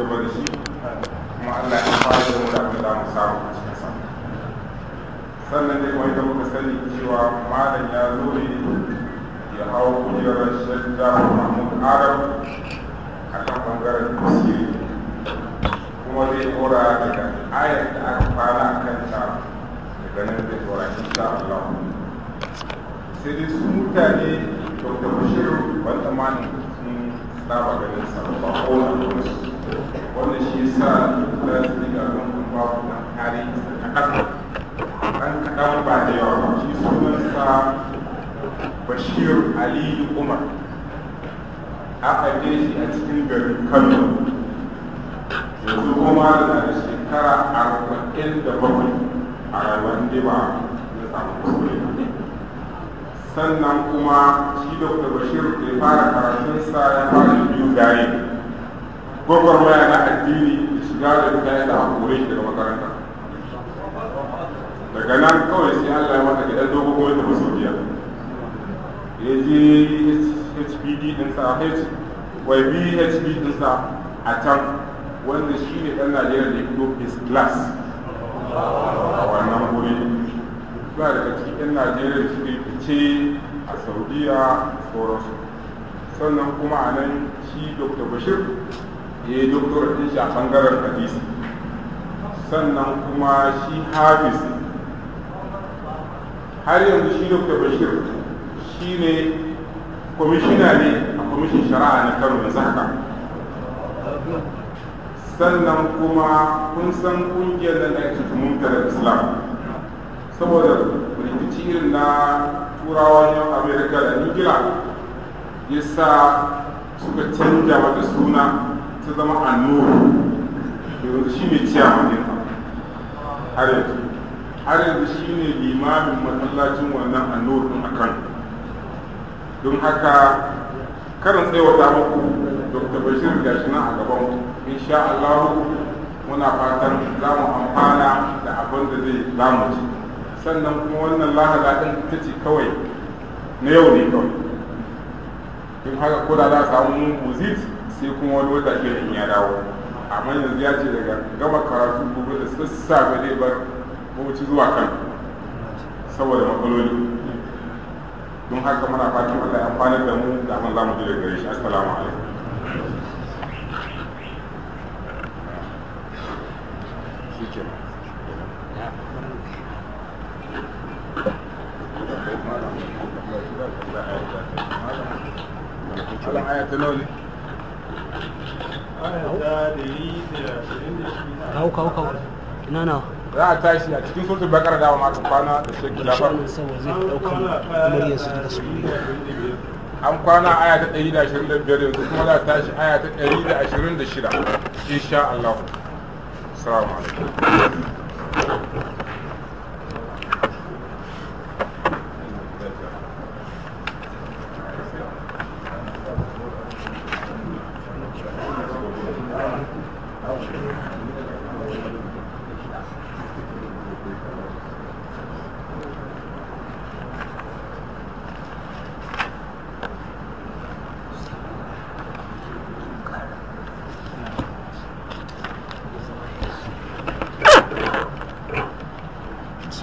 gaba shi kuma Allah ya fara da mu da abin da mu samu a cikin sa sannan dai wani da muka sani cewa malam ya zo ne ya hau kujerar shadda mahmud arab a kan bangaren tasiri kuma zai hora daga ayar da aka fara a kan ta daga nan zai hora ta Allah sai dai su mutane dr bashir ban tsammanin sun saba ganin sa ba ko na wanda shi ya sa ne kula da daga kan babu nan kare na ƙasa ɗan kaɗan ba da yawa ba shi sunansa bashir ali umar a ɗaje shi a cikin garin kano yanzu kuma da shekara arba'in da bakwai a rayuwar ba ya samu kuskure sannan kuma shi da bashir da ya fara karatunsa ya fara biyu gare gwagwarmaya na addini da shiga da fita yana hakuri shi daga makaranta daga nan kawai sai Allah ya mata gidan dogo kuma ta musu biya ya je HPD ɗinsa H wai BHP ɗinsa a can wanda shi ne ɗan Najeriya da ya fito his class a wannan wuri ba daga cikin Najeriya da shi fice a Saudiya sauransu sannan kuma a nan shi Dr. Bashir ya yi doktor ɗin shi a ɓangaren hadisi sannan kuma shi hafiz har yanzu shi doktor bashir shi ne kwamishina ne a kwamishin shari'a na kano da zaka sannan kuma kun san kungiyar da na ake da islam saboda rikici irin na turawan yau amerika da ya sa suka canja mata suna ta zama annuru yanzu shi ne ciyaman din har yanzu har yanzu shi ne limamin masallacin wannan annuru din a don haka karin tsayawa ta muku dr bashir shi nan a gaban sha allahu muna fatan zamu amfana da abin da zai zamu ci sannan kuma wannan lahada ɗin ta ce kawai na yau ne kawai don haka ko da za a samu muzit sai kuma wani wata kila ya dawo amma yanzu ya ce daga gama karatu gobe da sassafe zai bar bauchi zuwa kan saboda matsaloli don haka muna fatan Allah ya amfani da mu da mun zamu ji daga gare shi assalamu alaikum kawo ina nawa za a tashi a cikin sultan bakar dawa masu kwana da shekki lafar an kwana aya ta 125 yanzu kuma za a tashi aya ta 126 insha Allah salamu alaikum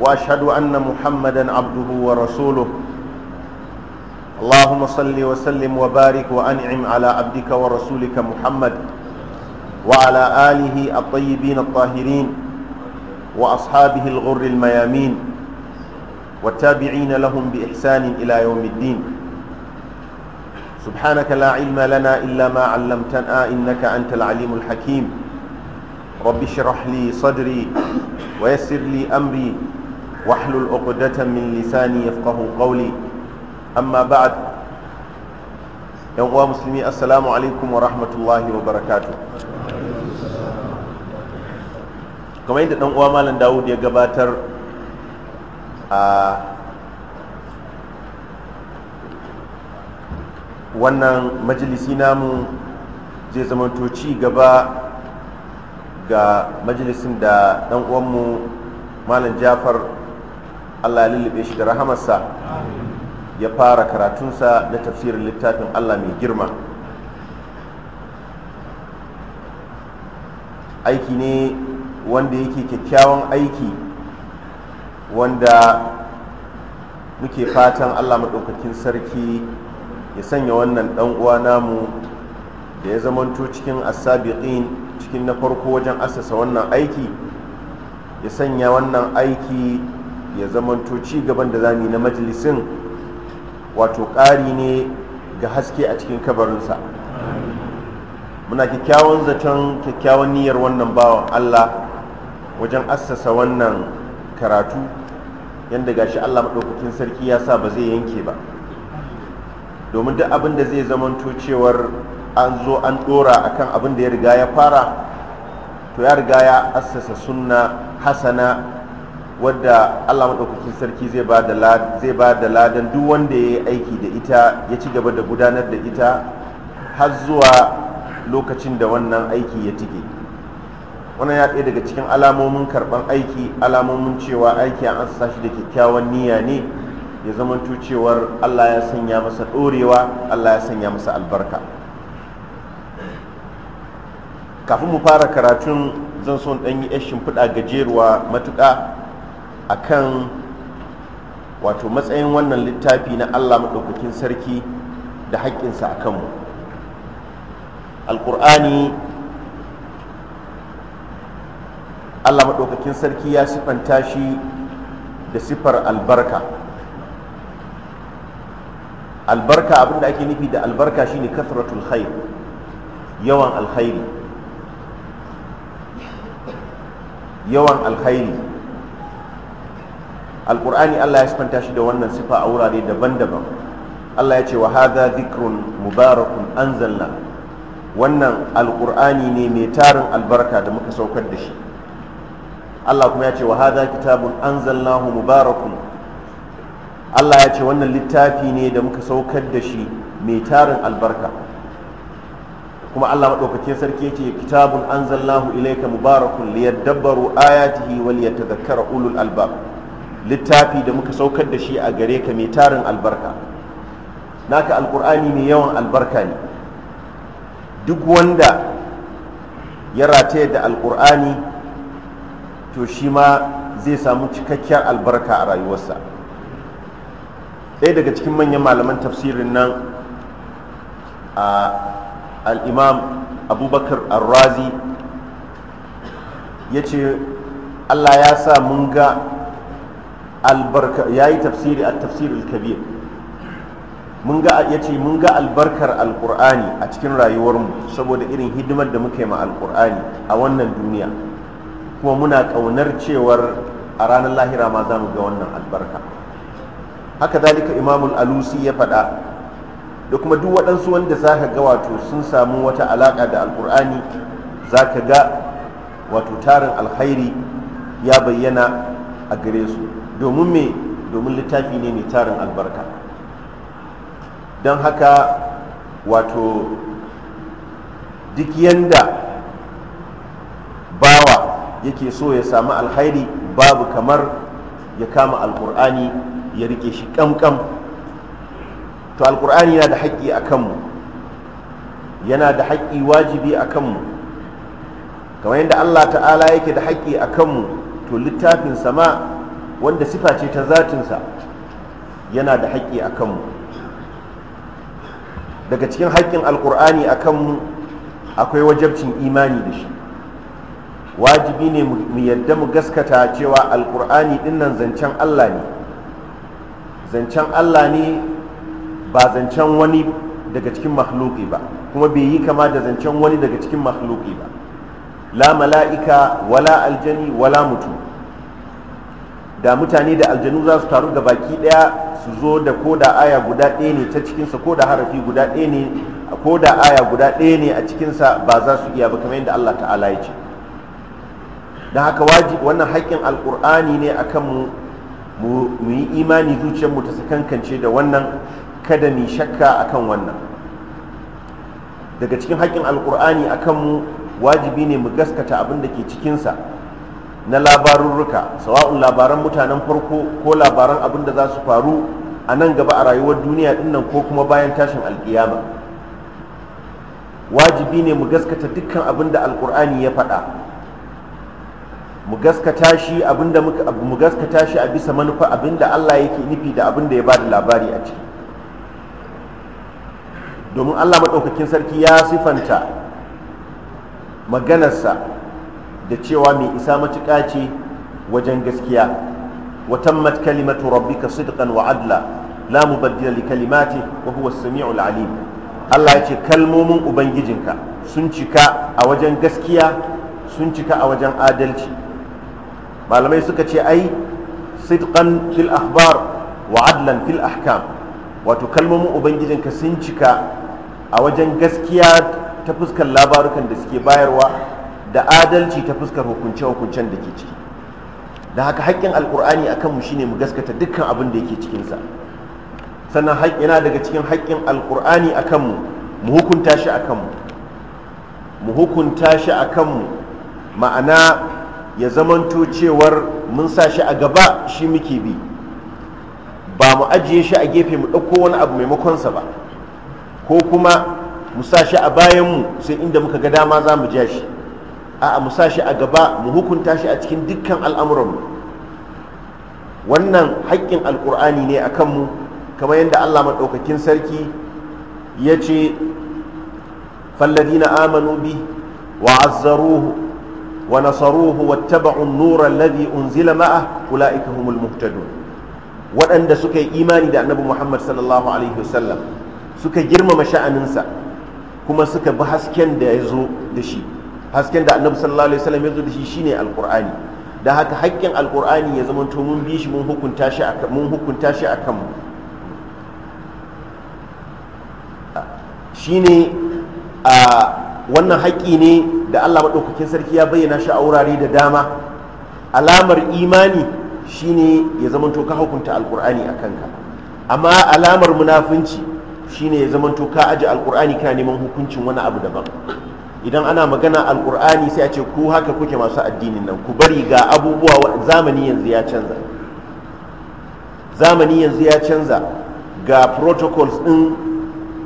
واشهد ان محمدا عبده ورسوله اللهم صل وسلم وبارك وانعم على عبدك ورسولك محمد وعلى اله الطيبين الطاهرين واصحابه الغر الميامين والتابعين لهم باحسان الى يوم الدين سبحانك لا علم لنا الا ما علمتنا انك انت العليم الحكيم رب اشرح لي صدري ويسر لي امري واحلل عقدة من لساني يفقه قولي أما بعد يوم مسلمي السلام عليكم ورحمة الله وبركاته كما yadda ɗan uwa malam dawud ya gabatar a wannan majalisi namu zai zamanto ci gaba ga majalisin da dan uwanmu malam jafar Allah ya lullube shi da rahamarsa ya fara karatunsa na tafsirin littafin Allah mai girma aiki ne wanda yake kyakkyawan aiki wanda muke fatan Allah maɗaukakin sarki ya sanya wannan ɗan uwa namu da ya zamanto cikin asabiqin cikin na farko wajen asasa wannan aiki ya sanya wannan aiki ya zamanto ci gaban da zami na majalisin wato ƙari ne ga haske a cikin kabarinsa muna kyakkyawan zaton kyakkyawan niyyar wannan bawan allah wajen assasa wannan karatu yadda gashi allah maɗaukakin sarki ya sa ba zai yanke ba domin duk abin da zai zamanto cewar an zo an ɗora a kan abin da ya riga ya fara to ya riga ya assasa sunna hasana wadda Allah maɗaukakin sarki zai ba da ladan duk wanda ya yi aiki da ita ya ci gaba da gudanar da ita har zuwa lokacin da wannan aiki ya tige wannan ya ɗaya daga cikin alamomin karɓar aiki alamomin cewa aiki an ansa shi da kyakkyawan niyya ne ya zama cewar Allah ya sanya masa ɗorewa Allah ya sanya masa albarka kafin mu fara karatun zan so ɗan yi ashin shimfiɗa gajeruwa matuƙa akan wato matsayin wannan littafi na allah maɗaukakin sarki da haƙƙinsa a kanmu alƙur'ani allah maɗaukakin sarki ya siffanta shi da siffar albarka albarka abinda ake nufi da albarka shine kasratul khair yawan alkhairi yawan alkhairi Alƙur'ani Allah ya sifanta shi da wannan sifa a wurare daban-daban Allah ya ce wa hadha dhikrun mubarakun anzalna wannan Alƙur'ani ne mai tarin albarka da muka saukar da shi Allah kuma ya ce wa hadha kitabun anzalnahu mubarakun Allah ya ce wannan littafi ne da muka saukar da shi mai tarin albarka kuma Allah madaukakin sarki ce kitabun anzalnahu ilayka mubarakun liyadabbaru ayatihi wa liyatadhakkara ulul albab littafi da muka saukar da shi a gare ka mai tarin albarka naka alkur'ani mai yawan albarka ne duk wanda ya rataya da alkur'ani to shi ma zai samu cikakkiyar albarka a rayuwarsa ɗaya daga cikin manyan malaman tafsirin nan a al'imam abubakar arrazi ya ce allah ya sa mun ga albarka yi tafsiri a tafsir kabir mun ga mun ga albarkar alkur'ani a cikin rayuwarmu saboda irin hidimar da muka yi ma alkur'ani a wannan duniya kuma muna ƙaunar cewar a ranar lahira ma za mu ga wannan albarka haka zalika imamul alusi ya faɗa da kuma duk waɗansu wanda za ka ga wato sun samu wata alaƙa da alkur'ani za ka ga wato tarin alkhairi ya bayyana a gare su domin me domin littafi ne mai tarin albarka don haka wato duk yanda bawa yake so ya samu alhairi babu kamar ya kama alkur'ani ya rike shi kamkam to alkur'ani yana da haƙƙi a kanmu yana da haƙƙi wajibi a kanmu kamar yadda allah ta'ala yake da haƙƙi a kanmu to littafin sama wanda sifa ce ta zatinsa yana da haƙƙi a kanmu daga cikin haƙƙin alƙur'ani a kanmu akwai wajabcin imani da shi wajibi ne mu yadda mu gaskata cewa alƙur'ani dinnan zancen allah ne zancen allah ne ba zancen wani daga cikin mahluki ba kuma bai yi kama da zancen wani daga cikin mahluki ba la mala'ika wala aljani wala mutum da mutane da aljanu za su taru ga baki daya su zo da da aya guda ɗaya ne ta cikinsa ko da harafi guda ɗaya ne ko da aya guda ɗaya ne a cikinsa ba za su iya ba kamar yadda Allah ta'ala ya ce don haka wajibi wannan haƙƙin alƙur'ani ne a mu mu yi imani zuciyarmu ta sakankance da wannan kada mu shakka a kan wannan daga cikin haƙƙin alƙur'ani akan mu wajibi ne mu gaskata abin da ke cikinsa na labarurruka sawa'un labaran mutanen farko ko labaran abin da za su faru a nan gaba a rayuwar duniya dinnan ko kuma bayan tashin alkiyama wajibi ne mu gaskata dukkan abin da alkur'ani ya faɗa mu gaskata shi abin da mu gaskata shi a bisa manufa abin da Allah yake nufi da abin da ya bada labari a ciki domin Allah maɗaukakin sarki ya sifanta maganarsa da cewa mai isa matuƙa ce wajen gaskiya wa tammat kalimatu rabbika sidqan wa adla la mubaddila li kalimati wa huwa as-sami'ul alim Allah ya ce kalmomin ubangijinka sun cika a wajen gaskiya sun cika a wajen adalci malamai suka ce ai sidqan fil akhbar wa adlan fil ahkam wato kalmomin ubangijinka sun cika a wajen gaskiya ta fuskar labarukan da suke bayarwa da adalci ta fuskar hukunce-hukuncen da ke ciki da haka haƙƙin alƙur'ani a kanmu shine mu gaskata dukkan abin da yake cikinsa sannan yana daga cikin haƙƙin alƙur'ani a kanmu mu hukunta shi a kanmu mu hukunta shi a kanmu ma'ana ya zamanto cewar mun sa shi a gaba shi muke bi ba mu ajiye shi a gefe mu ɗauko wani abu maimakonsa ba ko kuma mu sa shi a bayanmu sai inda muka ga dama za mu ja shi a mu sa shi a gaba mu hukunta shi a cikin dukkan al'amuranmu wannan haƙƙin alƙur'ani ne a kanmu kamar yadda allah maɗaukakin sarki ya ce falladina amanu bi wa azzaruhu wa nasaruhu wa taba'un nuran ladhi unzila ma'a ula'ika humul muhtadun waɗanda suka yi imani da annabi muhammad sallallahu alaihi wasallam suka girmama sha'aninsa kuma suka bi hasken da ya zo da shi hasken da annabi sallallahu alaihi wasallam ya zo da shi shine alqur'ani da haka haƙƙin alqur'ani ya zama to mun bi shi mun hukunta shi akan mun hukunta shi akan shine a wannan haƙƙi ne da Allah madaukakin sarki ya bayyana shi a wurare da dama alamar imani shine ya zama to ka hukunta alqur'ani akan ka amma alamar munafunci shine ya zama to ka aji alqur'ani kana neman hukuncin wani abu daban idan ana magana alkur'ani sai a ce ku haka kuke masu addinin nan ku bari ga abubuwa zamani yanzu ya canza zamani yanzu ya canza ga protocols ɗin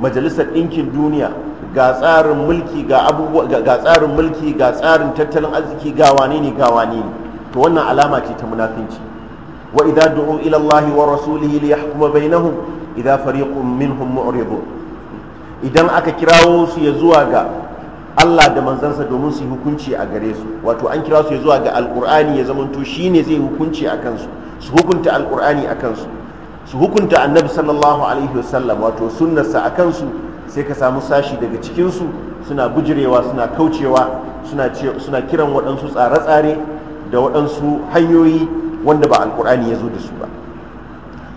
majalisar ɗinkin duniya ga tsarin mulki ga abubuwa ga tsarin mulki ga tsarin tattalin arziki ga wane ne ga wane ne to wannan alama ce ta munafinci wa idza du'u ila allahi wa rasulihi li yahkuma bainahum idza fariqun minhum mu'ridun idan aka kirawo su ya zuwa ga Allah da manzansa domin su hukunci a gare su wato an kira su zuwa ga alkur'ani ya shi ne zai hukunci a kansu su hukunta alkur'ani a kansu su hukunta annabi sallallahu alaihi wasallam wato sunnarsa a kansu sai ka samu sashi daga cikinsu suna bujirewa suna kaucewa suna kiran waɗansu tsare-tsare da waɗansu hanyoyi wanda ba alkur'ani ya zo da su ba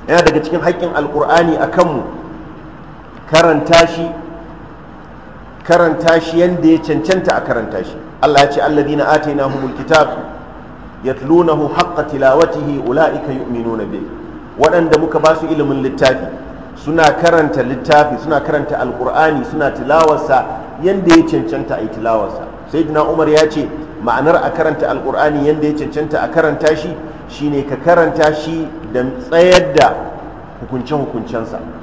yana daga cikin haƙƙin alkur'ani a kanmu karanta shi karanta shi yadda ya cancanta a karanta shi Allah ya ce alladina atainahumul kitab yatlunahu haqqa tilawatihi ulaika yu'minuna bi waɗanda muka ba su ilimin littafi suna karanta littafi suna karanta Alƙur'ani, suna tilawarsa yadda ya cancanta a yi tilawarsa sayyidina Umar ya ce ma'anar a karanta Alƙur'ani yadda ya cancanta a karanta shi shine ka karanta shi da tsayar da hukunce-hukuncensa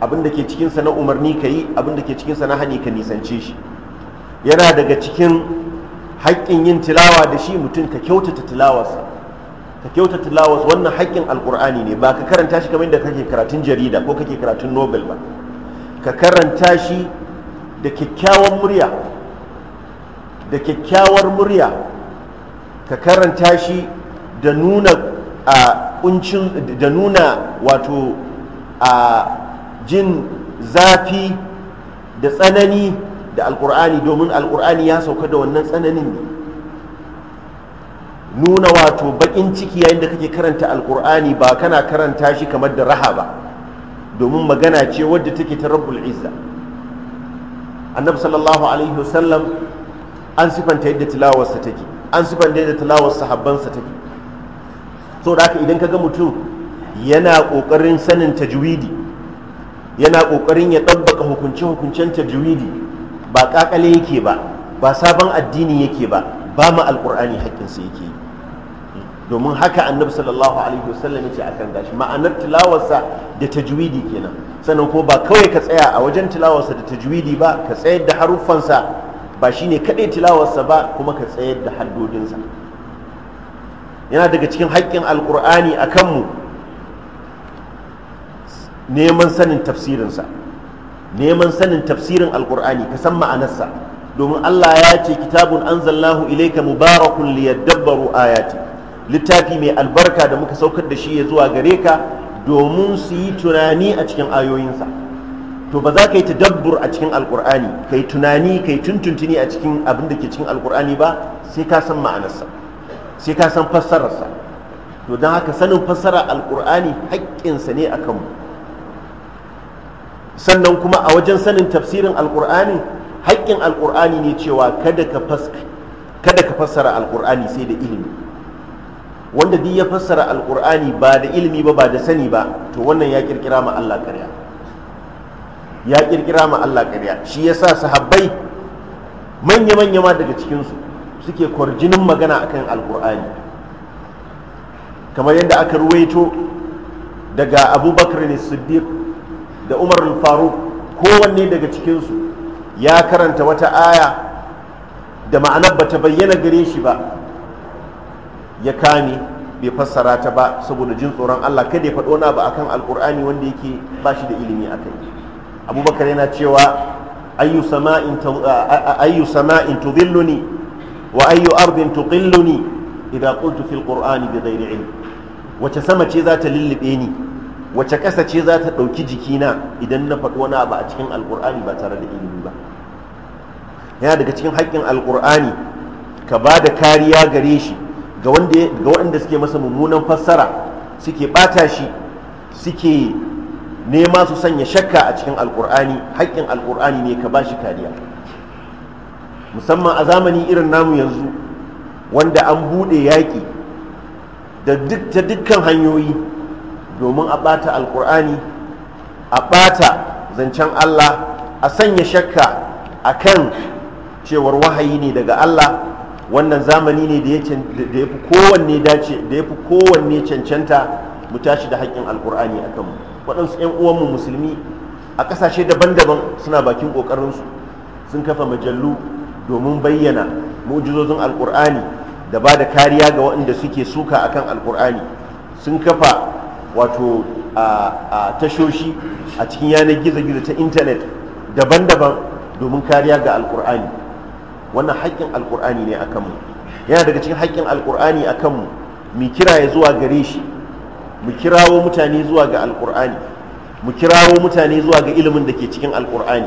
abin da ke cikinsa na umarni ka yi abin da ke cikinsa na hani ka nisance shi yana daga cikin haƙƙin yin tilawa da shi mutum ka kyautata tilawarsa ka kyautata tilawarsa wannan haƙƙin alƙur'ani ne ba ka karanta shi kamar yadda kake karatun jarida ko kake karatun nobel ba ka karanta shi da kyakkyawan murya da kyakkyawar murya ka karanta shi da nuna a kuncin da nuna wato a jin zafi da tsanani da alkur'ani domin alkur'ani ya sauka da wannan tsananin ne nuna wato bakin ciki yayin da kake karanta alkur'ani ba kana karanta shi kamar da raha ba domin magana ce wadda take ta rabbul izza annabi sallallahu alaihi wasallam an sifanta yadda tilawarsa take an sifanta yadda tilawar sahabbansa take saboda haka idan ka ga mutum yana kokarin sanin tajwidi yana ƙoƙarin ya ɗabbaka hukunce hukuncen tajwidi ba kakale yake ba ba sabon addini yake ba ba mu Alƙur'ani hakkin yake domin haka annabi sallallahu alaihi wasallam yace akan gashi ma'anar tilawarsa da tajwidi kenan sannan ko ba kawai ka tsaya a wajen tilawarsa da tajwidi ba ka tsayar da haruffansa ba shine kadai tilawarsa ba kuma ka tsayar da haddodinsa yana daga cikin haƙƙin a akan mu neman sanin tafsirinsa neman sanin tafsirin alkur'ani ka san ma'anarsa domin Allah ya ce kitabun anzallahu ilaika mubarakun dabbaru ayati littafi mai albarka da muka saukar da shi ya zuwa gare ka domin su yi tunani a cikin ayoyinsa to ba za ka yi tadabbur a cikin alkur'ani ka yi tunani ka yi tuntuntuni a cikin abin da ke cikin alkur'ani ba sai ka san ma'anarsa sai ka san fassararsa to don haka sanin fassarar alkur'ani haƙƙinsa ne a kanmu sannan kuma a wajen sanin tafsirin alkur'ani haƙƙin alkur'ani ne cewa kada ka fassara alkur'ani sai da ilimi wanda duk ya fassara alkur'ani ba da ilimi ba ba da sani ba to wannan ya kirkira ma Allah ƙarya ya kirkira ma Allah ƙarya shi yasa sahabbai manya manya ma daga cikinsu suke kwarjinin magana akan alkur'ani kamar yadda aka ruwaito daga abubakar ne siddiq da umar faruk kowanne daga cikinsu ya karanta wata aya da ma'anar ba ta bayyana gare shi ba ya kame bai fassara ta ba saboda jin tsoron allah kada ya faɗo na ba akan alkur'ani wanda yake ba shi da ilimi a kai abubakar yana cewa ayyu sama'in tudilluni wa ayyu ardin tuqilluni idan qultu fil qur'ani bi ghairi ilm wace sama ce za ta lullube ni wace ƙasa ce za ta ɗauki jikina idan na faɗo wani abu a cikin alƙur'ani ba tare da ilimi ba yana daga cikin haƙƙin alƙur'ani ka ba da kariya gare shi ga waɗanda suke masa mummunan fassara suke ɓata shi suke nema su sanya shakka a cikin alƙur'ani haƙƙin alƙur'ani ne ka ba shi kariya musamman a zamani irin namu yanzu wanda an buɗe yaƙi da dukkan hanyoyi domin a ɓata alkur'ani a ɓata zancen allah a sanya shakka a kan cewar wahayi ne daga allah wannan zamani ne da ya fi kowanne dace da ya fi kowanne cancanta mu tashi da haƙƙin alkur'ani a kanmu waɗansu 'yan uwanmu musulmi a ƙasashe daban-daban suna bakin ƙoƙarinsu sun kafa majallu domin bayyana mu'jizozin alkur'ani da ba da kariya ga waɗanda suke suka akan alkur'ani sun kafa wato a tashoshi a cikin yanar gizo-gizo ta intanet daban-daban domin kariya ga alkur'ani wannan haƙƙin alkur'ani ne a kanmu yana daga cikin haƙƙin alkur'ani a kanmu mu kira zuwa gare shi mu kirawo mutane zuwa ga alkur'ani mu kirawo mutane zuwa ga ilimin da ke cikin alkur'ani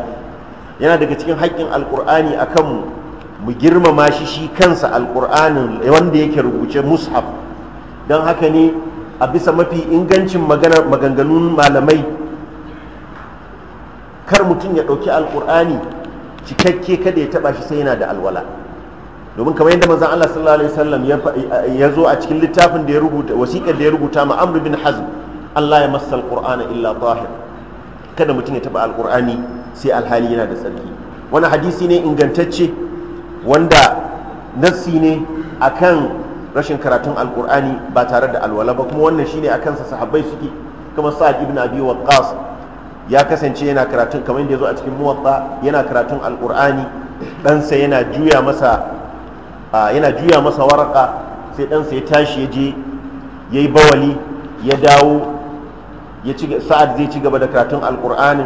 yana daga cikin haƙƙin alkur'ani a kanmu mu girmama shi shi kansa alkur'anin wanda yake rubuce mushaf don haka ne a bisa mafi ingancin maganganun malamai kar mutum ya ɗauki alƙur'ani cikakke kada ya taɓa shi sai yana da alwala domin kamar yadda manzon Allah sallallahu alaihi wasallam ya zo a cikin littafin da ya rubuta wasiƙar da ya rubuta ma Amr bin Hazm Allah ya massa alqur'ana illa tahir kada mutum ya taba alqur'ani sai alhali yana da tsarki wani hadisi ne ingantacce wanda nassi ne akan rashin karatun alkur'ani ba tare da alwala ba kuma wannan shine a kansa sahabbai suke kuma sa'ad ibn abi waqqas ya kasance yana karatun kamar yadda yazo a cikin muwatta yana karatun alkur'ani ɗansa yana juya masa yana juya masa waraka sai ɗansa ya tashi ya je ya yi bawali ya dawo sa'ad zai ci gaba da karatun alkur'ani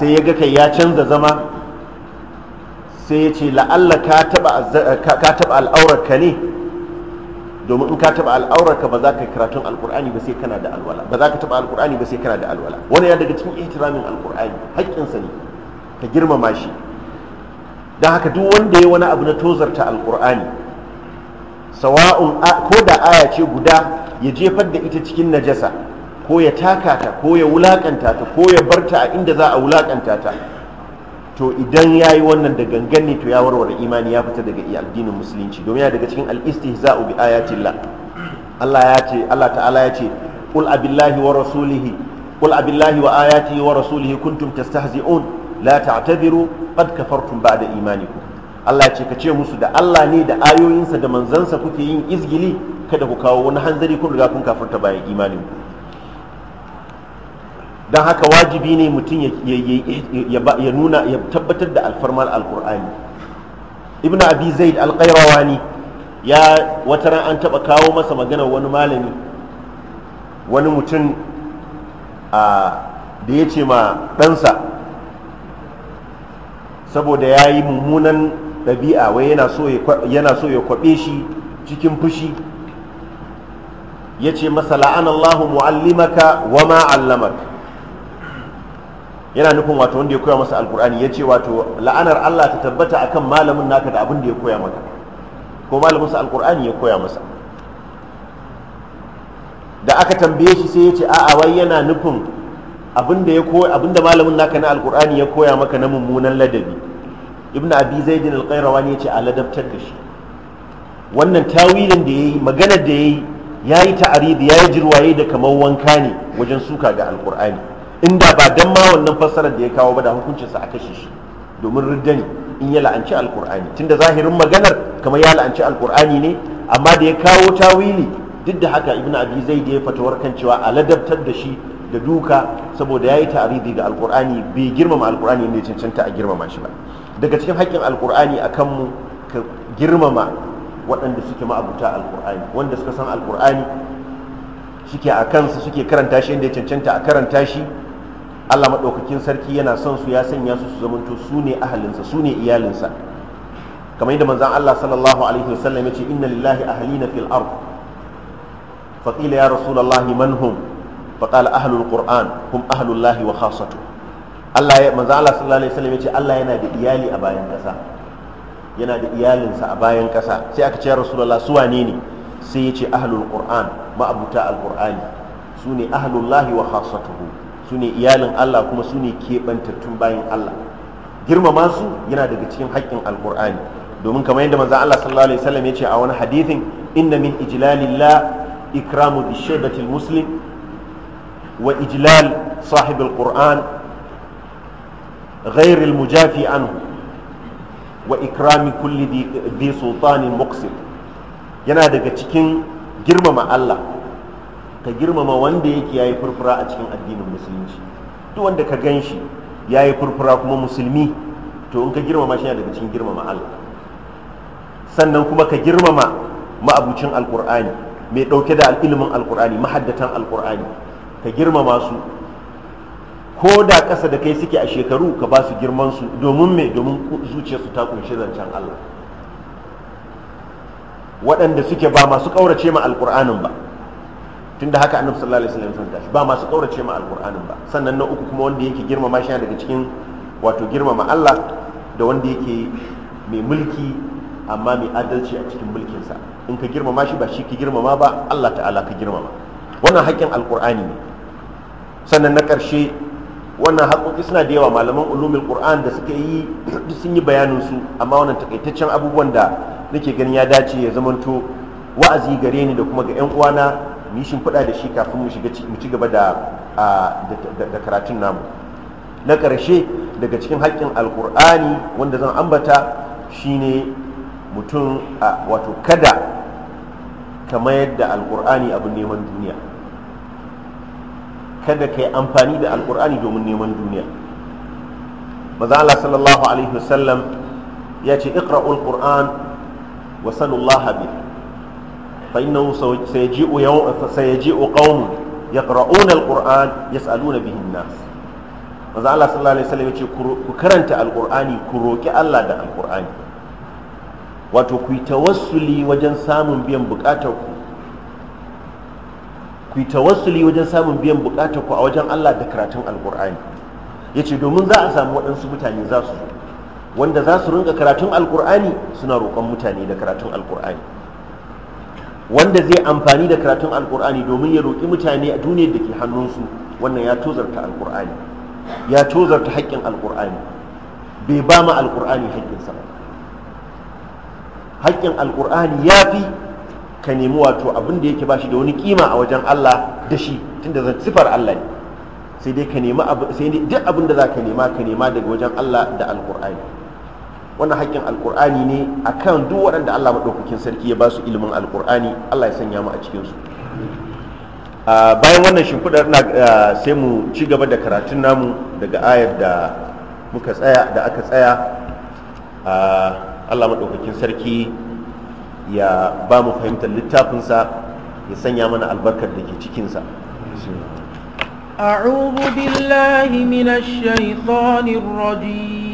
sai ya ga kai ya canza zama sai ya ce la'alla ka taɓa al'aurarka ne domin in ka taɓa al'aurarka ba za ka yi karatun alƙur'ani ba sai kana da alwala ba za ka taɓa alƙur'ani ba sai kana da alwala wani ya daga cikin ihtiramin alƙur'ani haƙƙinsa ne ka girmama shi don haka duk wanda ya wani abu na tozarta alƙur'ani sawa'un ko da aya ce guda ya jefar da ita cikin najasa ko ya taka ta ko ya wulaƙanta ta ko ya barta a inda za a wulaƙanta ta to idan ya yi wannan da gangan ne to ya warware imani ya fita daga addinin musulunci domin ya daga cikin al-istihza'u bi ayatillah Allah ya ce Allah ta'ala ya ce qul abillahi wa rasulihi qul abillahi wa ayatihi wa rasulihi kuntum tastahzi'un la ta'tadiru qad kafartum ba'da imanikum Allah ce ka ce musu da Allah ne da ayoyinsa da manzansa kuke yin izgili kada ku kawo wani hanzari kun riga kun kafarta bayan imanin don haka wajibi ne mutum ya nuna ya tabbatar da alfarmar alkur'ani ibn abi zaid alqairawani ya wata ran an taba kawo masa magana wani malami wani mutum da ya ce ma ɗansa saboda ya yi mummunan ɗabi'a wai yana so ya kwaɓe shi cikin fushi ya ce masa Allahu mu'allimaka wa ma'allamaka yana nufin wato wanda ya koya masa alkur'ani ya ce wato la'anar Allah ta tabbata akan malamin naka da abin da ya koya maka ko malaminsa alkur'ani ya koya masa da aka tambaye shi sai ya ce a'a wai yana nufin abin da ya koya abin da malamin naka na alkur'ani ya koya maka na mummunan ladabi ibnu abi zaidin alqairawani ya ce a ladabtar da shi wannan tawilin da yayi maganar da yayi yayi ta'aridi yayi jirwaye da kamar wanka ne wajen suka ga alkur'ani inda ba dan ma wannan fassarar da ya kawo ba da hukuncinsa a kashe shi domin riddani in ya la'anci alkur'ani tunda zahirin maganar kamar ya la'anci alkur'ani ne amma da ya kawo tawili duk da haka ibn abi zai da ya fatawar kan cewa a ladabtar da shi da duka saboda ya yi tarihi ga alkur'ani bai girmama alkur'ani ne cancanta a girmama shi ba daga cikin haƙƙin alkur'ani a kanmu ka girmama waɗanda suke ma'abuta alkur'ani wanda suka san alkur'ani suke a kansu suke karanta shi inda ya cancanta a karanta shi Allah maɗaukakin sarki yana son su ya sanya su su zamanto su ne ahalinsa su ne iyalinsa kamar yadda manzan Allah sallallahu alaihi wasallam ya ce inna lillahi ahalina fil ard fa qila ya rasulullahi man hum fa qala ahlul qur'an hum ahlullahi wa khassatu Allah ya manzan Allah sallallahu alaihi wasallam ya ce Allah yana da iyali a bayan kasa yana da iyalinsa a bayan kasa sai aka ce ya rasulullah su wane ne sai ya ce ahlul qur'an ma'abuta alqur'ani su ne ahlullahi wa khassatuhu su ne iyalin Allah kuma su ne keɓantattun bayan Allah girmama su yana daga cikin haƙƙin alƙur'ani domin kamar yadda manzon Allah sallallahu alaihi wasallam ya ce a wani hadithin inna min ijlalillah ikramu bishabatil muslim wa ijlal صاحب القرآن غير المجافي عنه وإكرام كل ذي سلطان مقصد yana daga cikin girmama Allah ka girmama wanda yake yayi furfura a cikin addinin musulunci duk wanda ka gan shi yayi furfura kuma musulmi to in ka girmama shi yana daga cikin girmama Allah sannan kuma ka girmama ma'abucin alkur'ani mai ɗauke da ilimin alkur'ani mahaddatan alkur'ani ka girmama su ko da kasa da kai suke a shekaru ka ba su girman su domin me domin zuciyarsu ta kunshi zancen Allah waɗanda suke ba masu ƙaurace ma alkur'anin ba tunda haka annabi sallallahu alaihi wasallam tashi ba masu kaurace ma alqur'anin ba sannan na uku kuma wanda yake girmama shi daga cikin wato girmama Allah da wanda yake mai mulki amma mai adalci a cikin sa in ka girmama shi ba shi ka girmama ba Allah ta'ala ka girmama wannan haƙƙin alqur'ani ne sannan na ƙarshe wannan haƙoƙi suna da yawa malaman ulumul qur'an da suka yi sun yi bayanin su amma wannan takaitaccen abubuwan da nake ganin ya dace ya zamanto wa'azi gare ni da kuma ga 'yan uwana mu yi shimfiɗa da shi kafin mu shiga mu ci gaba da da karatun namu na ƙarshe daga cikin haƙƙin alƙur'ani wanda zan ambata shine mutum a wato kada ka mayar da alƙur'ani abin neman duniya kada ka yi amfani da alƙur'ani domin neman duniya maza Allah sallallahu alaihi wasallam ya ce iqra'ul qur'an wa sallallahu alaihi فإنه سيجيء يوم سيجيء قوم يقرؤون القرآن يسألون به الناس Maza Allah sallallahu alaihi wasallam yace ku karanta alqur'ani ku roki Allah da alqur'ani wato ku yi tawassuli wajen samun biyan bukatar ku ku yi tawassuli wajen samun biyan bukatar ku a wajen Allah da karatun alqur'ani yace domin za a samu waɗansu mutane za su wanda za su rinka karatun alqur'ani suna roƙon mutane da karatun alqur'ani wanda zai amfani da karatun alkur'ani domin ya roƙi mutane a duniyar da ke hannunsu wannan ya tozarta alkur'ani ya tozarta haƙƙin alkur'ani bai ba ma alkur'ani haƙƙinsa ba haƙƙin alkur'ani ya fi ka nemi wato abin da yake bashi da wani kima a wajen Allah da shi tunda zan sifar Allah ne sai dai ka nema sai duk abin da za ka nema ka nema daga wajen Allah da alkur'ani wannan haƙƙin alƙur'ani ne akan duk waɗanda Allah maɗaukakin sarki ya ba su ilimin alƙur'ani Allah ya sanya mu a cikinsu bayan wannan shimfiɗar na sai mu ci gaba da karatun namu daga ayar da muka tsaya da aka tsaya Allah maɗaukakin sarki ya ba mu fahimtar littafinsa ya sanya mana albarkar da ke cikinsa أعوذ بالله من الشيطان الرجيم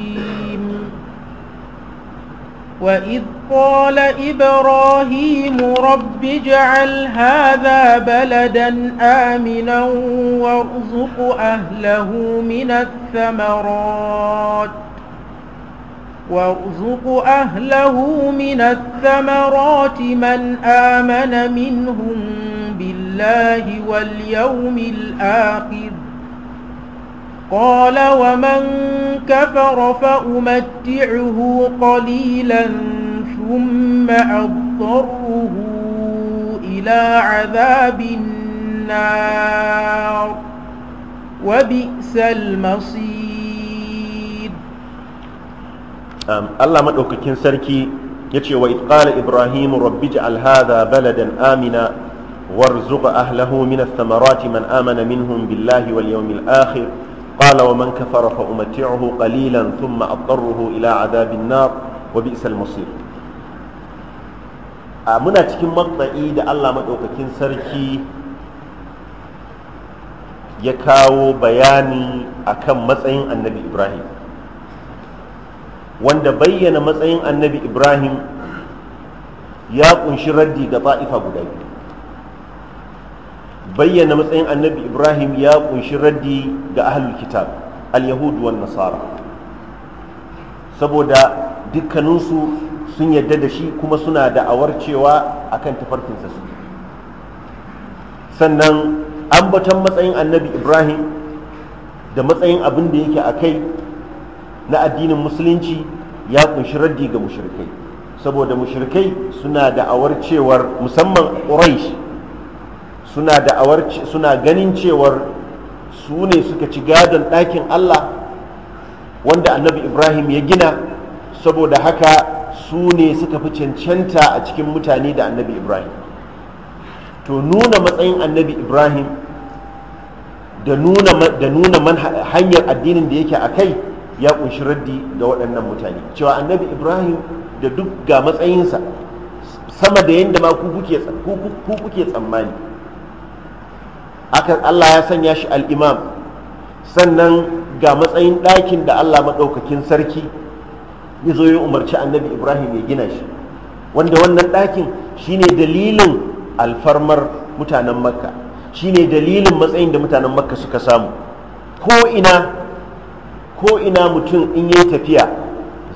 وإذ قال إبراهيم رب اجعل هذا بلدا آمنا وارزق أهله من الثمرات وارزق أهله من الثمرات من آمن منهم بالله واليوم الآخر قال ومن كفر فأمتعه قليلا ثم أضطره إلى عذاب النار وبئس المصير الله ما كن سركي يتشي وإذ قال إبراهيم رب اجعل هذا بلدا آمنا وارزق أهله من الثمرات من آمن منهم بالله واليوم الآخر قال ومن كفر فأمتعه قليلا ثم أضطره إلى عذاب النار وبئس المصير muna cikin matsayi da Allah maɗaukakin sarki ya kawo bayani akan matsayin annabi Ibrahim wanda bayyana matsayin annabi Ibrahim ya ƙunshi raddi ga ta'ifa guda biyu bayyana matsayin annabi ibrahim ya kunshi raddi ga ahlul kitab al wan nasara saboda dukkaninsu sun yadda da shi kuma suna da'awar cewa akan tafarkinsa su sannan ambatan matsayin annabi ibrahim da matsayin abin da yake a kai na addinin musulunci ya kunshi raddi ga mushrikai saboda mushrikai suna da'awar cewar musamman quraish suna da suna ganin cewar su ne suka ci gadon ɗakin Allah wanda annabi Ibrahim ya gina saboda haka su ne suka fi cancanta a cikin mutane da annabi Ibrahim to nuna matsayin annabi Ibrahim da nuna hanyar addinin da yake a kai ya kunshi raddi ga waɗannan mutane cewa annabi Ibrahim da duk ga matsayinsa sama da yadda ma ku kuke tsammani akan Allah ya sanya shi al sannan ga matsayin ɗakin da Allah maɗaukakin sarki ya zo ya umarci annabi Ibrahim ya gina shi wanda wannan ɗakin shine dalilin alfarmar mutanen makka shine dalilin matsayin da mutanen makka suka samu ko ko ina mutum in yi tafiya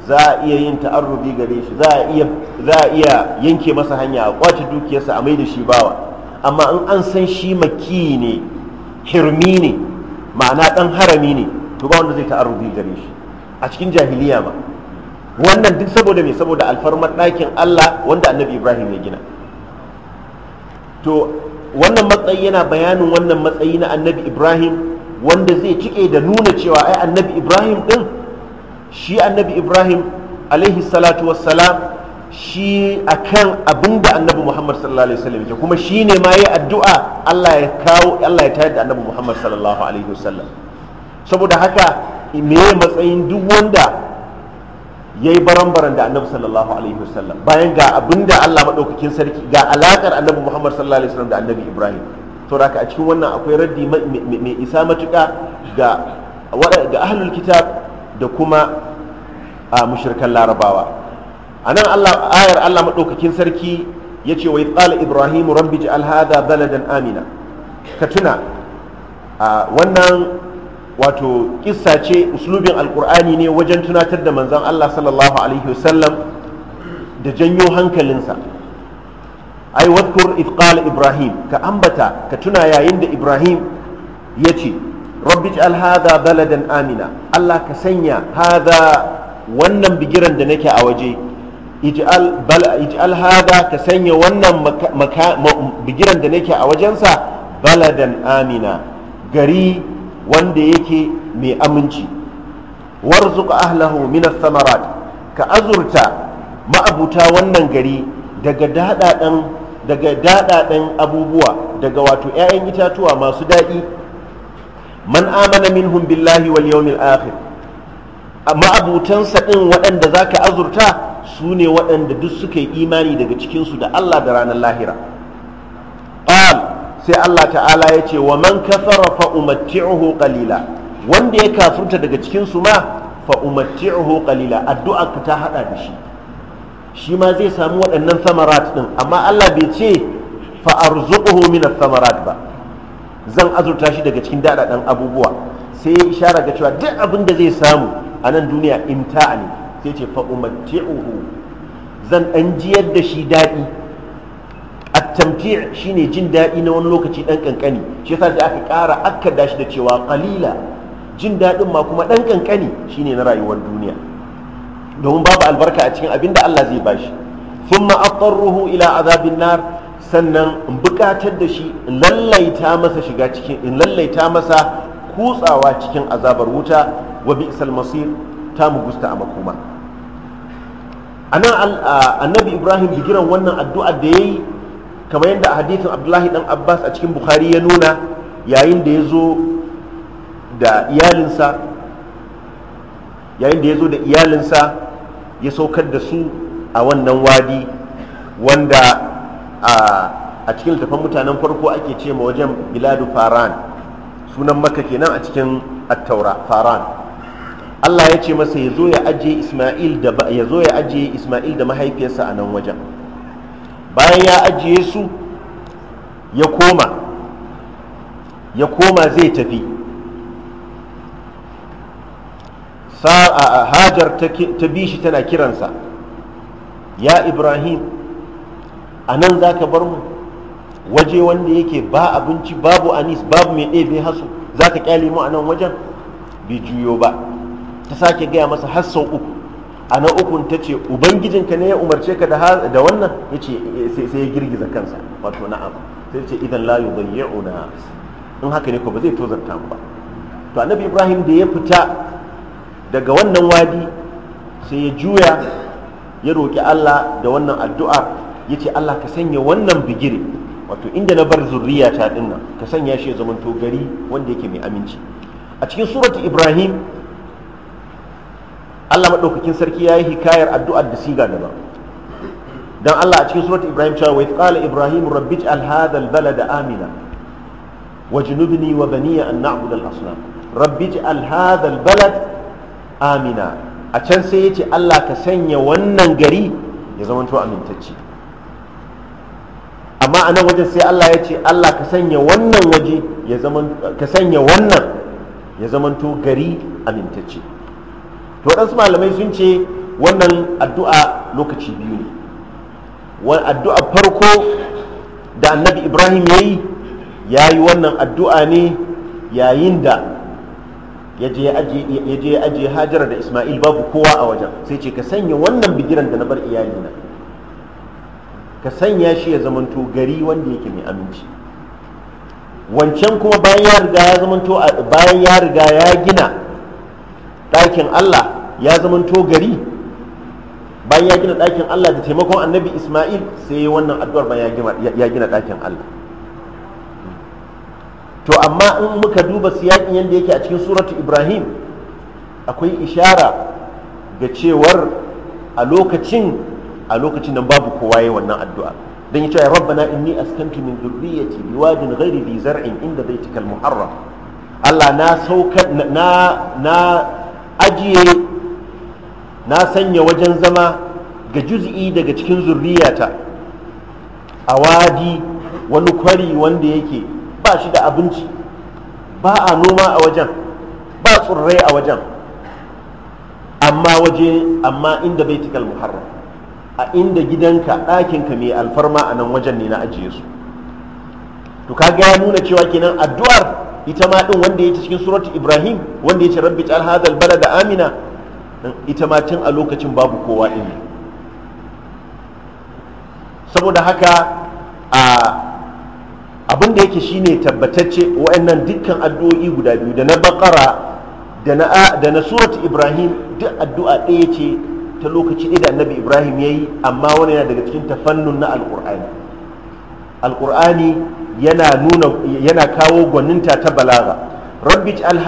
za a iya yin ta'arrubi gare shi za a iya yanke masa hanya a kwace dukiyarsa a mai da shi bawa amma in an san shi maki ne hirmi ne ma'ana ɗan harami ne to ba wanda zai ta'arrubi gare shi a cikin jahiliya ba wannan duk saboda me saboda alfarmar ɗakin Allah wanda annabi Ibrahim ya gina to wannan matsayi yana bayanin wannan matsayi na annabi Ibrahim wanda zai cike da nuna cewa ai annabi Ibrahim din shi annabi Ibrahim alaihi salatu wassalam shi akan abinda annabi Muhammad sallallahu alaihi wasallam yake kuma ne ma yayi addu'a Allah ya kawo Allah ya tayar da annabi Muhammad sallallahu alaihi wasallam saboda haka me matsayin duk wanda yayi baran-baran da annabi sallallahu alaihi wasallam bayan ga abinda Allah madaukakin sarki ga alaƙar annabi Muhammad sallallahu alaihi wasallam da annabi Ibrahim to haka a cikin wannan akwai raddi mai isa matuka ga ga ahlul kitab da kuma a mushrikan larabawa a nan ayar allah maɗaukakin sarki ya ce wa tsala ibrahimu rabbi ji alhada baladan amina ka tuna wannan wato kissa ce uslubin alkur'ani ne wajen tunatar da manzon allah sallallahu alaihi wasallam da janyo hankalinsa ai wadkur ibrahim ka ambata ka tuna yayin da ibrahim ya ce rabbi ji alhada baladan amina allah ka sanya hada wannan bigiran da nake a waje ij'al alhada ka sanya wannan bigiran da nake a wajensa baladan amina gari wanda yake mai aminci warzuq ahlahu min ath ka azurta ma'abuta wannan gari daga dadadan daga dadadan abubuwa daga wato 'ya'yan itatuwa masu daɗi man amana minhum billahi wal yawmil akhir ma'abutansa din waɗanda zaka azurta su ne waɗanda duk suka yi imani daga cikinsu da Allah da ranar lahira qal sai Allah ta'ala ya ce wa man kafara fa umatti'uhu qalila wanda ya kafurta daga cikinsu ma fa umatti'uhu qalila addu'a ka ta hada da shi shi ma zai samu waɗannan samarat din amma Allah bai ce fa arzuquhu min samarat ba zan azurta shi daga cikin daɗaɗɗen abubuwa sai ya ishara ga cewa duk abin da zai samu a nan duniya imta'a ne sai ce fa zan ɗan jiyar da shi daɗi a tamti shine jin daɗi na wani lokaci ɗan ƙanƙani shi yasa da aka ƙara akkada shi da cewa ƙalila, jin daɗin ma kuma ɗan shi shine na rayuwar duniya domin babu albarka a cikin abin da Allah zai bashi thumma ruhu ila azabin nar sannan in buƙatar da shi in lallaita masa shiga cikin in lallaita masa kutsawa cikin azabar wuta wa bi'sal masir ta mu gusta a makoma A nan annabi ibrahim jigiran wannan addu'ar da ya yi kamar yadda a hadithin abdullahi dan abbas a cikin bukhari ya nuna yayin da ya zo da iyalinsa yayin da ya zo da iyalinsa ya saukar da su a wannan wadi wanda a cikin littafin mutanen farko ake ce ma wajen biladu faran sunan maka kenan a cikin attaura faran Allah ya ce masa ya zo ya ajiye Ismail da ya zo ya ajiye Ismail da mahaifiyarsa a nan wajen bayan ya ajiye su ya koma ya koma zai tafi hajar ta bi shi tana kiransa ya ibrahim a nan za ka bar mu waje wanda yake ba abinci babu anis babu mai ɗebe hasu za ka kyale mu a nan wajen bai juyo ba ta sake gaya masa har sau uku a na ukun ta ce ubangijinka ne ya umarce ka da wannan ya ce eh, sai ya girgiza kansa wato na'am sai ce idan layu la una in haka ne ko ba zai tozarta mu ba to annabi ibrahim da ya fita daga wannan wadi sai ya juya ya roƙi allah da wannan addu'a ya ce allah ka sanya wannan bigire wato inda na bar zurriya ta dinnan ka sanya shi ya zamanto gari wanda yake mai aminci a cikin suratu ibrahim Allah madaukakin sarki yayi hikayar addu'ar da siga daban dan Allah a cikin surat Ibrahim cewa wa qala Ibrahim rabbi ij'al hadha al-balada amina wajnubni wa baniya an na'budu al-asnam rabbi ij'al hadha al-balad amina a can sai yace Allah ka sanya wannan gari ya zama to amintacce amma a nan wajen sai Allah yace Allah ka sanya wannan waje ya zama ka sanya wannan ya zama to gari amintacce to waɗansu malamai sun ce wannan addu'a lokaci biyu ne wani addu'a farko da annabi ibrahim ya yi ya yi wannan addu'a ne yayin da ya je ya ajiye hajara da ismail babu kowa a wajen sai ce ka sanya wannan bigiran da na bar iyalina ka sanya shi ya zamanto gari wanda yake mai aminci wancan kuma bayan ya bayan ya riga ya gina ɗakin Allah ya zamanto gari bayan ya gina ɗakin Allah da taimakon annabi Ismail sai ya wannan addu'ar bayan ya gina ɗakin Allah to amma in muka duba siyaƙin yadda yake a cikin suratu Ibrahim akwai ishara ga cewar a lokacin a lokacin nan babu kowa ya wannan addu'a don ya ce ya rabbana inni askantu min dhurriyyati biwadin ghairi bi zar'in inda zai baitikal muharram Allah na sauka na ajiye na sanya wajen zama ga juz'i daga cikin zurriyata a wadi wani kwari wanda yake ba shi da abinci ba a noma a wajen ba tsirrai a wajen amma waje amma inda baitikal muharram a inda gidanka ɗakinka mai alfarma a nan wajen ne na ajiye su to kaga ya nuna cewa kenan addu'ar ita ma din wanda yake cikin suratu ibrahim wanda yake rabbi Alhazal, hadal balada amina ita ma tun a lokacin babu kowa din saboda haka a abin da yake shine tabbatacce wa'annan dukkan addu'o'i guda biyu da na bakara da na da na suratu ibrahim duk addu'a ɗaya ce ta lokaci ɗaya da annabi ibrahim yayi amma wani yana daga cikin tafannun na alqur'ani alƙur'ani yana kawo gwaninta ta balaga rabbi ij'al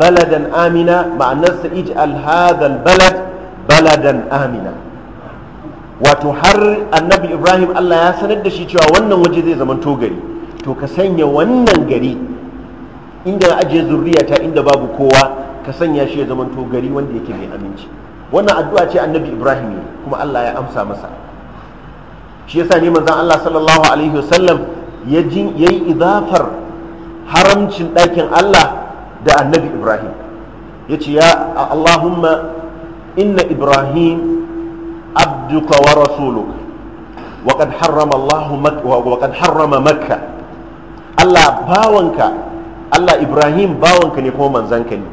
baladan amina ma'anar sa ij'al balad baladan amina wato har annabi ibrahim Allah ya sanar da shi cewa wannan waje zai zama gari to ka sanya wannan gari inda na ajiye ta inda babu kowa ka sanya shi ya zama gari wanda yake mai aminci wannan addu'a ce annabi ibrahim ne kuma Allah ya amsa masa shi yasa ne manzon Allah sallallahu alaihi wasallam ya yi idafar haramcin ɗakin Allah da annabi Ibrahim ya ce ya Allahumma inna Ibrahim abduka wa rasuluk waƙan harrama makka Allah Ibrahim bawanka ne kuma manzanka ne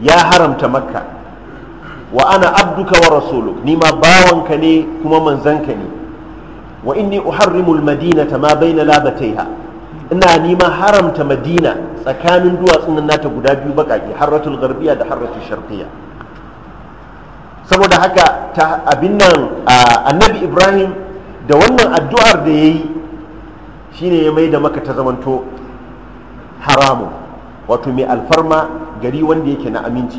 ya haramta makka Wa'ana ana abduka ni ma bawanka ne kuma manzanka ne wa inni uharrimul madinata ma baina labataiha ina nima haramta madina tsakanin duwatsun nan nata guda biyu bakaki harratul garbiya da harratul sharqiyya saboda haka ta abin nan annabi ibrahim da wannan addu'ar da ya yi shine ya mai da maka ta zamanto haramun wato mai alfarma gari wanda yake na aminci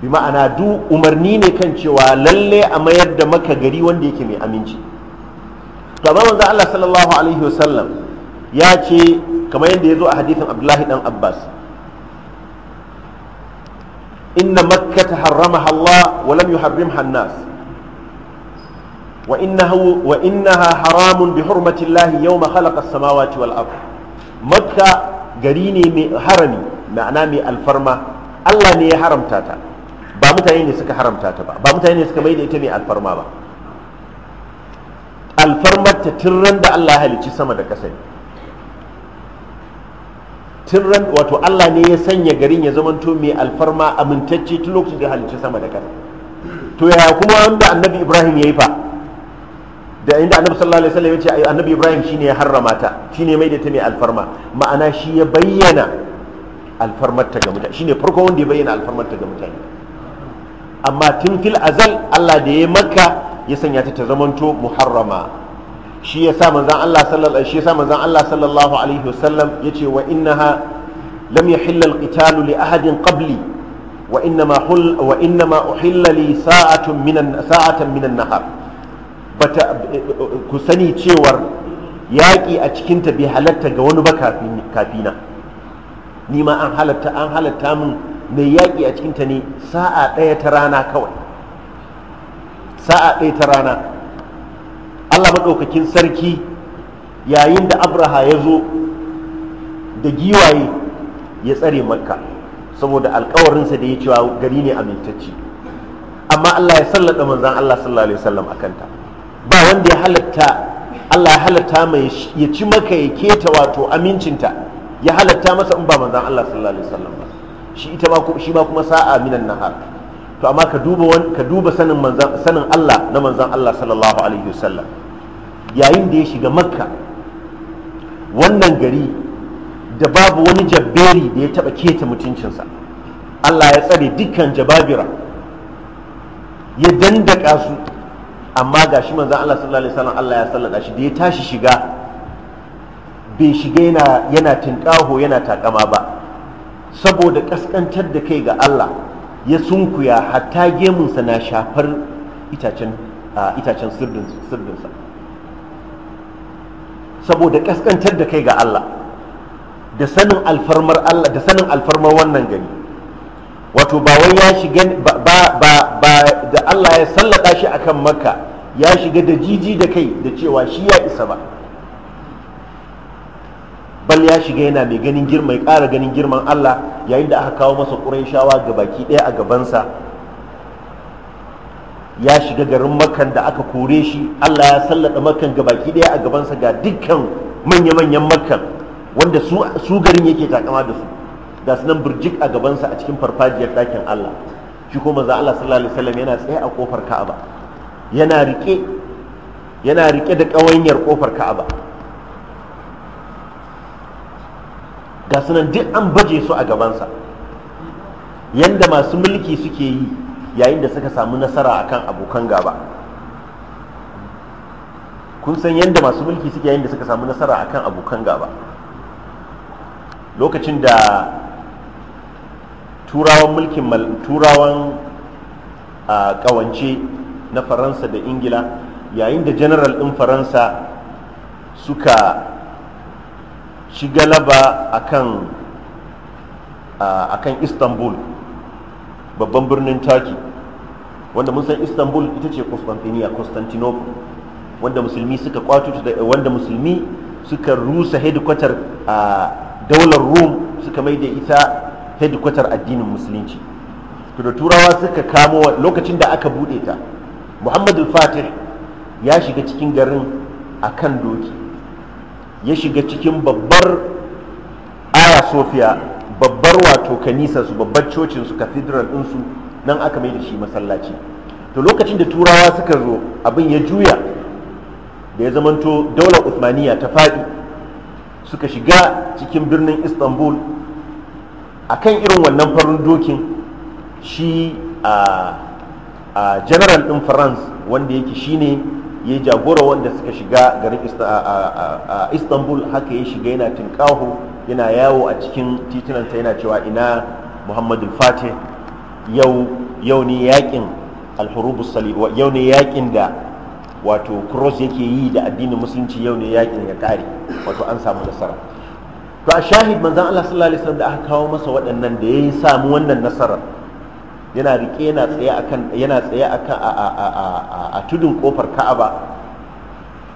bi ma'ana du umarni ne kan cewa lalle a mayar da maka gari wanda yake mai aminci to amma manzo Allah sallallahu alaihi wasallam ya ce kamar yadda ya zo a hadithin Abdullahi dan Abbas inna makkata harramaha Allah wa lam yuharrimha an-nas wa innahu wa innaha haramun bi hurmati Allah yawma khalaqa as-samawati wal ard makka gari ne mai harami ma'ana mai alfarma Allah ne ya haramta ta ba mutane ne suka haramta ta ba ba mutane ne suka maida ita mai alfarma ba alfarmarta tirran da Allah halicci sama da ƙasa ne tirran wato Allah ne ya sanya garin ya zamanto mai alfarma amintacce tun lokacin da halicci sama da ƙasa to yaya kuma wanda annabi Ibrahim ya yi fa da inda annabi sallallahu alaihi wasallam ya ce annabi Ibrahim shine ya harrama ta shine mai da ta mai alfarma ma'ana shi ya bayyana alfarmar ta ga mutane shine farko wanda ya bayyana alfarmar ta ga mutane amma tun fil azal Allah da ya maka ya sanya ta ta zamanto muharrama shi ya sa manzon Allah sallallahu shi ya sa manzon Allah sallallahu alaihi wasallam yace wa innaha lam yahill al-qitalu li ahadin qabli wa innama hul wa innama uhilla li sa'atun minan sa'atan minan nahar bata ku sani cewar yaƙi a cikinta bai halatta ga wani ba kafina ni ma an halatta an halatta min mai yaƙi a cikinta ne sa'a ɗaya ta rana kawai sa'a ɗaya ta rana allah maɗaukakin sarki yayin da abraha ya zo da giwaye ya tsare makka saboda alkawarinsa da ya cewa gari ne amintacci amma allah ya sallada manzan allah sallallahu alaihi wasallam a kanta ba wanda ya halatta allah ya halatta mai ya ci maka ya keta wato amincinta ya halatta masa in ba manzan allah sallallahu alaihi wasallam ba shi ita ma shi ba kuma sa'a minan nahar to amma ka duba ka duba sanin manzan sanin Allah na manzan Allah sallallahu alaihi wasallam yayin da ya shiga makka wannan gari da babu wani jabberi da ya taba keta mutuncinsa Allah ya tsare dukkan jababira ya dandaka su amma gashi manzan Allah sallallahu alaihi wasallam Allah ya sallada shi da ya tashi shiga bai shiga yana yana tinkaho yana takama ba saboda kaskantar da kai ga Allah ya sunkuya hatta gemunsa na shafar itacen sirdinsa saboda kaskantar da kai ga Allah da sanin alfarmar Allah da sanin alfarmar wannan gani, wato ba wai ya shiga ba da Allah ya sallaka shi akan maka, ya shiga da jiji da kai da cewa shi ya isa ba bal ya shiga yana mai ganin girma ya ƙara ganin girman Allah yayin da aka kawo masa ƙurayshawa ga baki ɗaya a gabansa ya shiga garin makan da aka kore shi Allah ya sallada makan ga baki ɗaya a gabansa ga dukkan manya-manyan makan wanda su garin yake takama da su ga su nan birjik a gabansa a cikin farfajiyar ɗakin Allah shi ko maza Allah sallallahu alaihi wasallam yana tsaye a kofar Ka'aba yana rike yana rike da ƙawanyar kofar Ka'aba ga sunan duk an baje su a gabansa yadda masu mulki suke yi yayin da suka samu nasara akan abokan gaba kun san yadda masu mulki suke yayin da suka samu nasara akan abokan gaba lokacin da turawan mulkin turawan kawance na faransa da ingila yayin da general din faransa suka shi galaba akan kan istanbul babban birnin turkey wanda mun san istanbul ita ce constantinople constantinople wanda musulmi suka kwato wanda musulmi suka rusa hedikwatar a daular rome suka mai da ita hedikwatar addinin musulunci to da turawa suka kamo lokacin da aka bude ta muhammadu fatih ya shiga cikin garin a kan doki ya shiga cikin babbar aya sofiya babbar wato kanisarsu babbar cocin su cathedral su nan aka mai da shi masallaci to lokacin da turawa suka zo abin ya juya da ya zamanto daular usmaniya ta faɗi suka shiga cikin birnin istanbul a kan irin wannan farin dokin shi a general ɗin france wanda yake shine ya jagora wanda suka shiga garin istanbul haka ya shiga yana tinkaho yana yawo a cikin titunanta yana cewa ina muhammadu fatih yau ne yakin alhurubus salib yau ne yakin da wato cross yake yi da addinin musulunci yau ne yakin ya kare wato an samu nasara to a shahid manzan Allah sallallahu alaihi wasallam da aka kawo masa waɗannan da yi samu wannan nasarar yana rike yana tsaye akan yana tsaye akan a a a a tudun kofar Ka'aba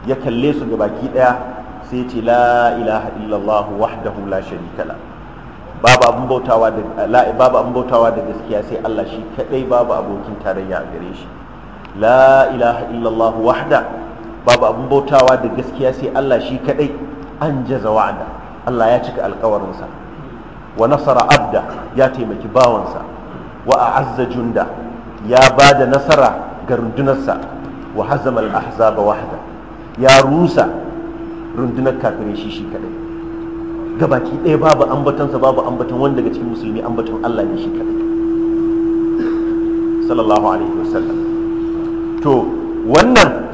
ya kalle su ga baki daya sai ce la ilaha illallah wahdahu la sharika la babu abun bautawa da babu abun bautawa da gaskiya sai Allah shi kadai babu abokin tarayya a gare shi la ilaha illallah wahda babu abun bautawa da gaskiya sai Allah shi kadai an jaza wa'ada Allah ya cika alkawarinsa wa nasara abda ya taimaki bawansa wa a'azza junda ya ba da nasara ga rundunarsa wa hazama al-ahzaba wahda ya rusa rundunar kafirin shi shi kadai gabaki ɗaya babu ambatonsa babu ambaton wanda daga cikin musulmi ambaton Allah ne shi kadai sallallahu alaihi wasallam to wannan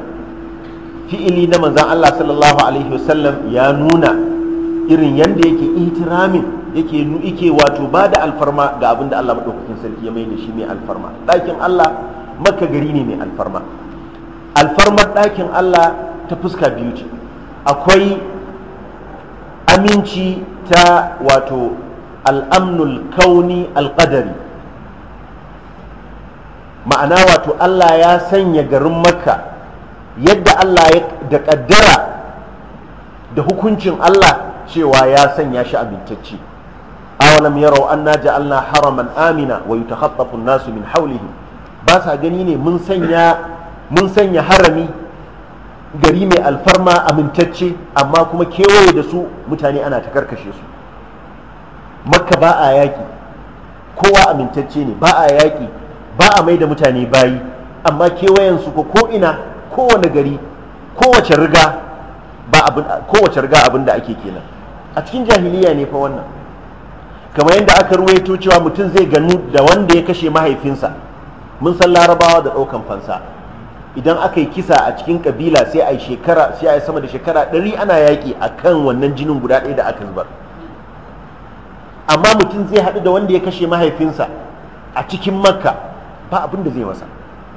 fi'ili na manzan Allah sallallahu alaihi wasallam ya nuna irin yanda yake itiramin yake yake wato ba da alfarma ga abin da Allah maɗaukakin sarki ya mai da shi mai alfarma ɗakin Allah makka gari ne mai alfarma alfarmar ɗakin Allah ta fuska biyu ce akwai aminci ta wato al'amnul kauni alƙadari ma'ana wato Allah ya sanya garin makka yadda Allah ya da ƙaddara da hukuncin Allah cewa ya sanya shi amintacce awalam na anna Allah haraman amina wa yatakhaffafu an-nasu min hawlihim ba sa gani ne mun sanya harami gari mai alfarma amintacce amma kuma kewaye da su mutane ana ta karkashe su makka ba a yaƙi kowa amintacce ne ba a yaƙi ba a mai da mutane bayi amma kewayensu su ko ina kowane gari kowace riga ba abin da ake kenan a cikin jahiliya ne fa wannan kamar yadda aka ruwaito cewa mutum zai gani da wanda ya kashe mahaifinsa mun san larabawa da ɗaukan fansa idan aka yi kisa a cikin kabila sai a yi shekara sai a sama da shekara ɗari ana yaƙi a kan wannan jinin guda ɗaya da aka zubar amma mutum zai haɗu da wanda ya kashe mahaifinsa a cikin makka ba abin da zai masa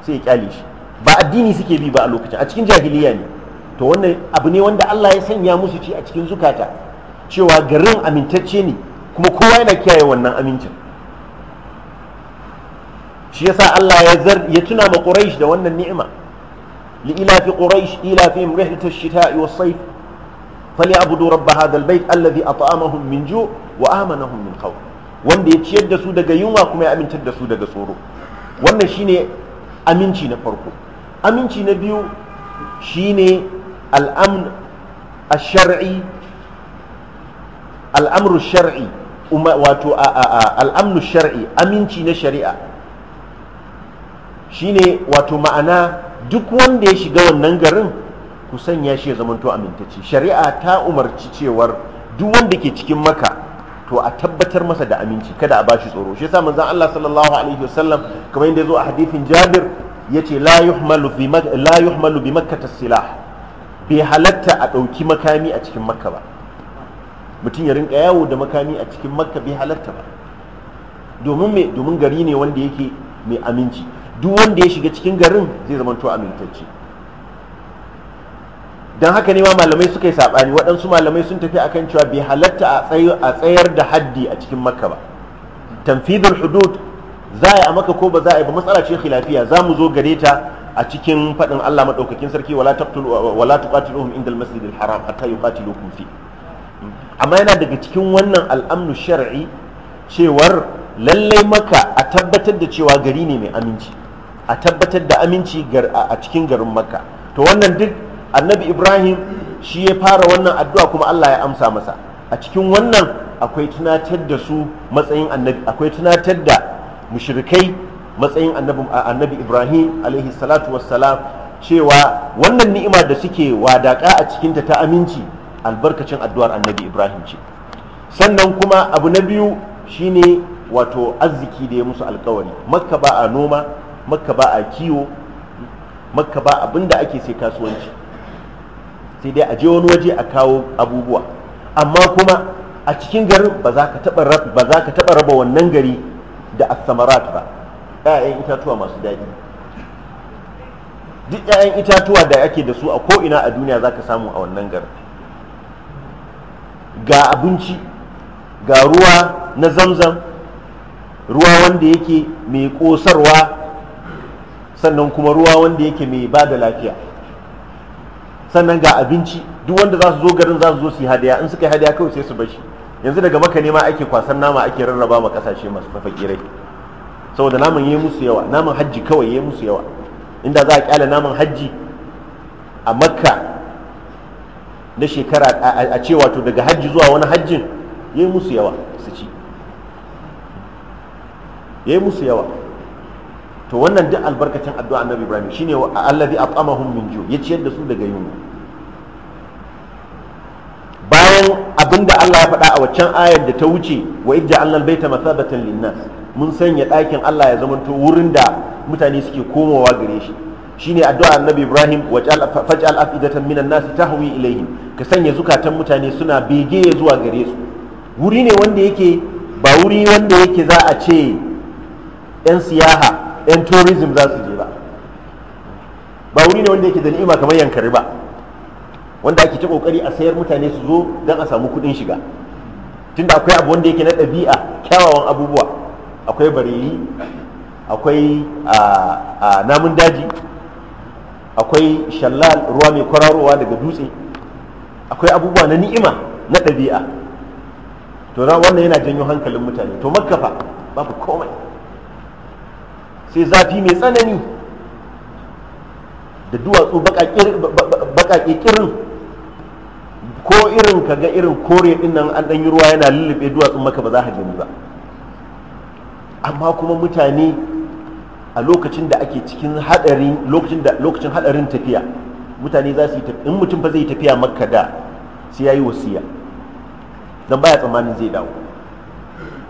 sai ya kyale shi ba addini suke bi ba a lokacin a cikin jahiliya ne to wannan abu ne wanda Allah ya sanya musu ci a cikin zukata cewa garin amintacce ne kuma kowa yana kiyaye wannan amincin shi yasa Allah ya zar ya tuna ma Quraysh da wannan ni'ima li fi Quraysh ila ilafihim rihlatu ash-shita'i was-sayf falyabudu rabb hadha al-bayt alladhi at'amahum min ju' wa amanahum min khawf wanda ya ciyar da su daga yunwa kuma ya amintar da su daga tsoro wannan shine aminci na farko aminci na biyu shine al-amn ash-shar'i al-amru ash-shar'i wato al'amnu shar'i aminci na shari'a shine wato ma'ana duk wanda ya shiga wannan garin ku sanya shi ya zamanto shari'a ta umarci cewar duk wanda ke cikin maka to a tabbatar masa da aminci kada a bashi tsoro shi yasa manzon Allah sallallahu alaihi wasallam kamar yadda zo a hadithin Jabir yace la yuhmalu bi la yuhmalu bi makkah silah bai halatta a dauki makami a cikin makka ba mutum ya rinka yawo da makami a cikin makka bai halatta ba domin me domin gari ne wanda yake mai aminci duk wanda ya shiga cikin garin zai zama to amintacce don haka ne ma malamai suka yi saɓani waɗansu malamai sun tafi akan cewa bai halatta a tsayar da haddi a cikin makka ba tanfidul hudud za a yi a maka ko ba za a yi ba matsala ce khilafiya za mu zo gare ta a cikin faɗin Allah maɗaukakin sarki wala taqtulu wala tuqatiluhum indal masjidil haram hatta yuqatilukum fi amma yana daga cikin wannan al'amnu shar'i cewar lallai maka a tabbatar da cewa gari ne mai aminci a tabbatar da aminci a cikin garin maka to wannan duk annabi ibrahim shi ya fara wannan addu'a kuma allah ya amsa masa a cikin wannan akwai tunatar da su matsayin annabi akwai tunatar da mushrikai matsayin annabi ibrahim alaihi salatu wassalam cewa wannan ni'ima da suke wadaka a cikinta ta aminci albarkacin addu'ar annabi ibrahim ce sannan kuma abu na biyu shine wato arziki da ya musu alkawari makka ba a noma makka ba a kiwo makka ba abin da ake sai kasuwanci sai dai a je wani waje a kawo abubuwa amma kuma a cikin garin ba za ka taɓa raba wannan gari da asamarat ba 'ya'yan itatuwa masu daɗi duk 'ya'yan itatuwa da ake da su a ko'ina a duniya za ka samu a wannan garin ga abinci ga ruwa na zamzam ruwa wanda yake mai ƙosarwa sannan kuma ruwa wanda yake mai ba da lafiya sannan ga abinci duk wanda za su zo garin za su zo su yi hadiya in suka yi hadiya kawai sai su bashi yanzu daga maka ne ake kwasan nama ake rarraba ma kasashe masu fakirai saboda naman yi musu yawa naman hajji kawai yi musu yawa inda za a kyale naman hajji a makka na shekara a ce wato daga hajji zuwa wani hajjin ya yi musu yawa su ci ya yi musu yawa to wannan duk albarkacin addu'a annabi ibrahim shine allazi at'amahum min ju ya ciyar da su daga yunwa bayan abinda Allah ya faɗa a waccan ayar da ta wuce wa idda annal baita masabatan linnas mun sanya ɗakin Allah ya zamanto wurin da mutane suke komowa gare shi shine addu'a annabi ibrahim faj'al afidatan minan nas tahwi ilayhim ka sanya zukatan mutane suna bege zuwa gare su wuri ne wanda yake ba wuri wanda yake za a ce yan siyaha yan tourism za su je ba ba wuri ne wanda yake da ni'ima kamar yankari ba wanda ake ta kokari a sayar mutane su zo don a samu kuɗin shiga tunda akwai abu wanda yake na ɗabi'a kyawawan abubuwa akwai bareyi akwai ah, ah, namun daji akwai shallal ruwa mai kwararowa daga dutse akwai abubuwa na ni'ima na ɗabi'a to na wannan yana janyo hankalin mutane to makka babu komai sai zafi mai tsanani da duwatsu baƙaƙe ƙirin ko irin kaga irin kore ɗin nan an ɗanyi ruwa yana lullube duwatsun maka ba za ka gani ba amma kuma mutane a lokacin da ake cikin hadarin lokacin da lokacin hadarin tafiya mutane za su yi in mutum fa zai tafiya makka da sai yayi wasiya dan baya tsammanin zai dawo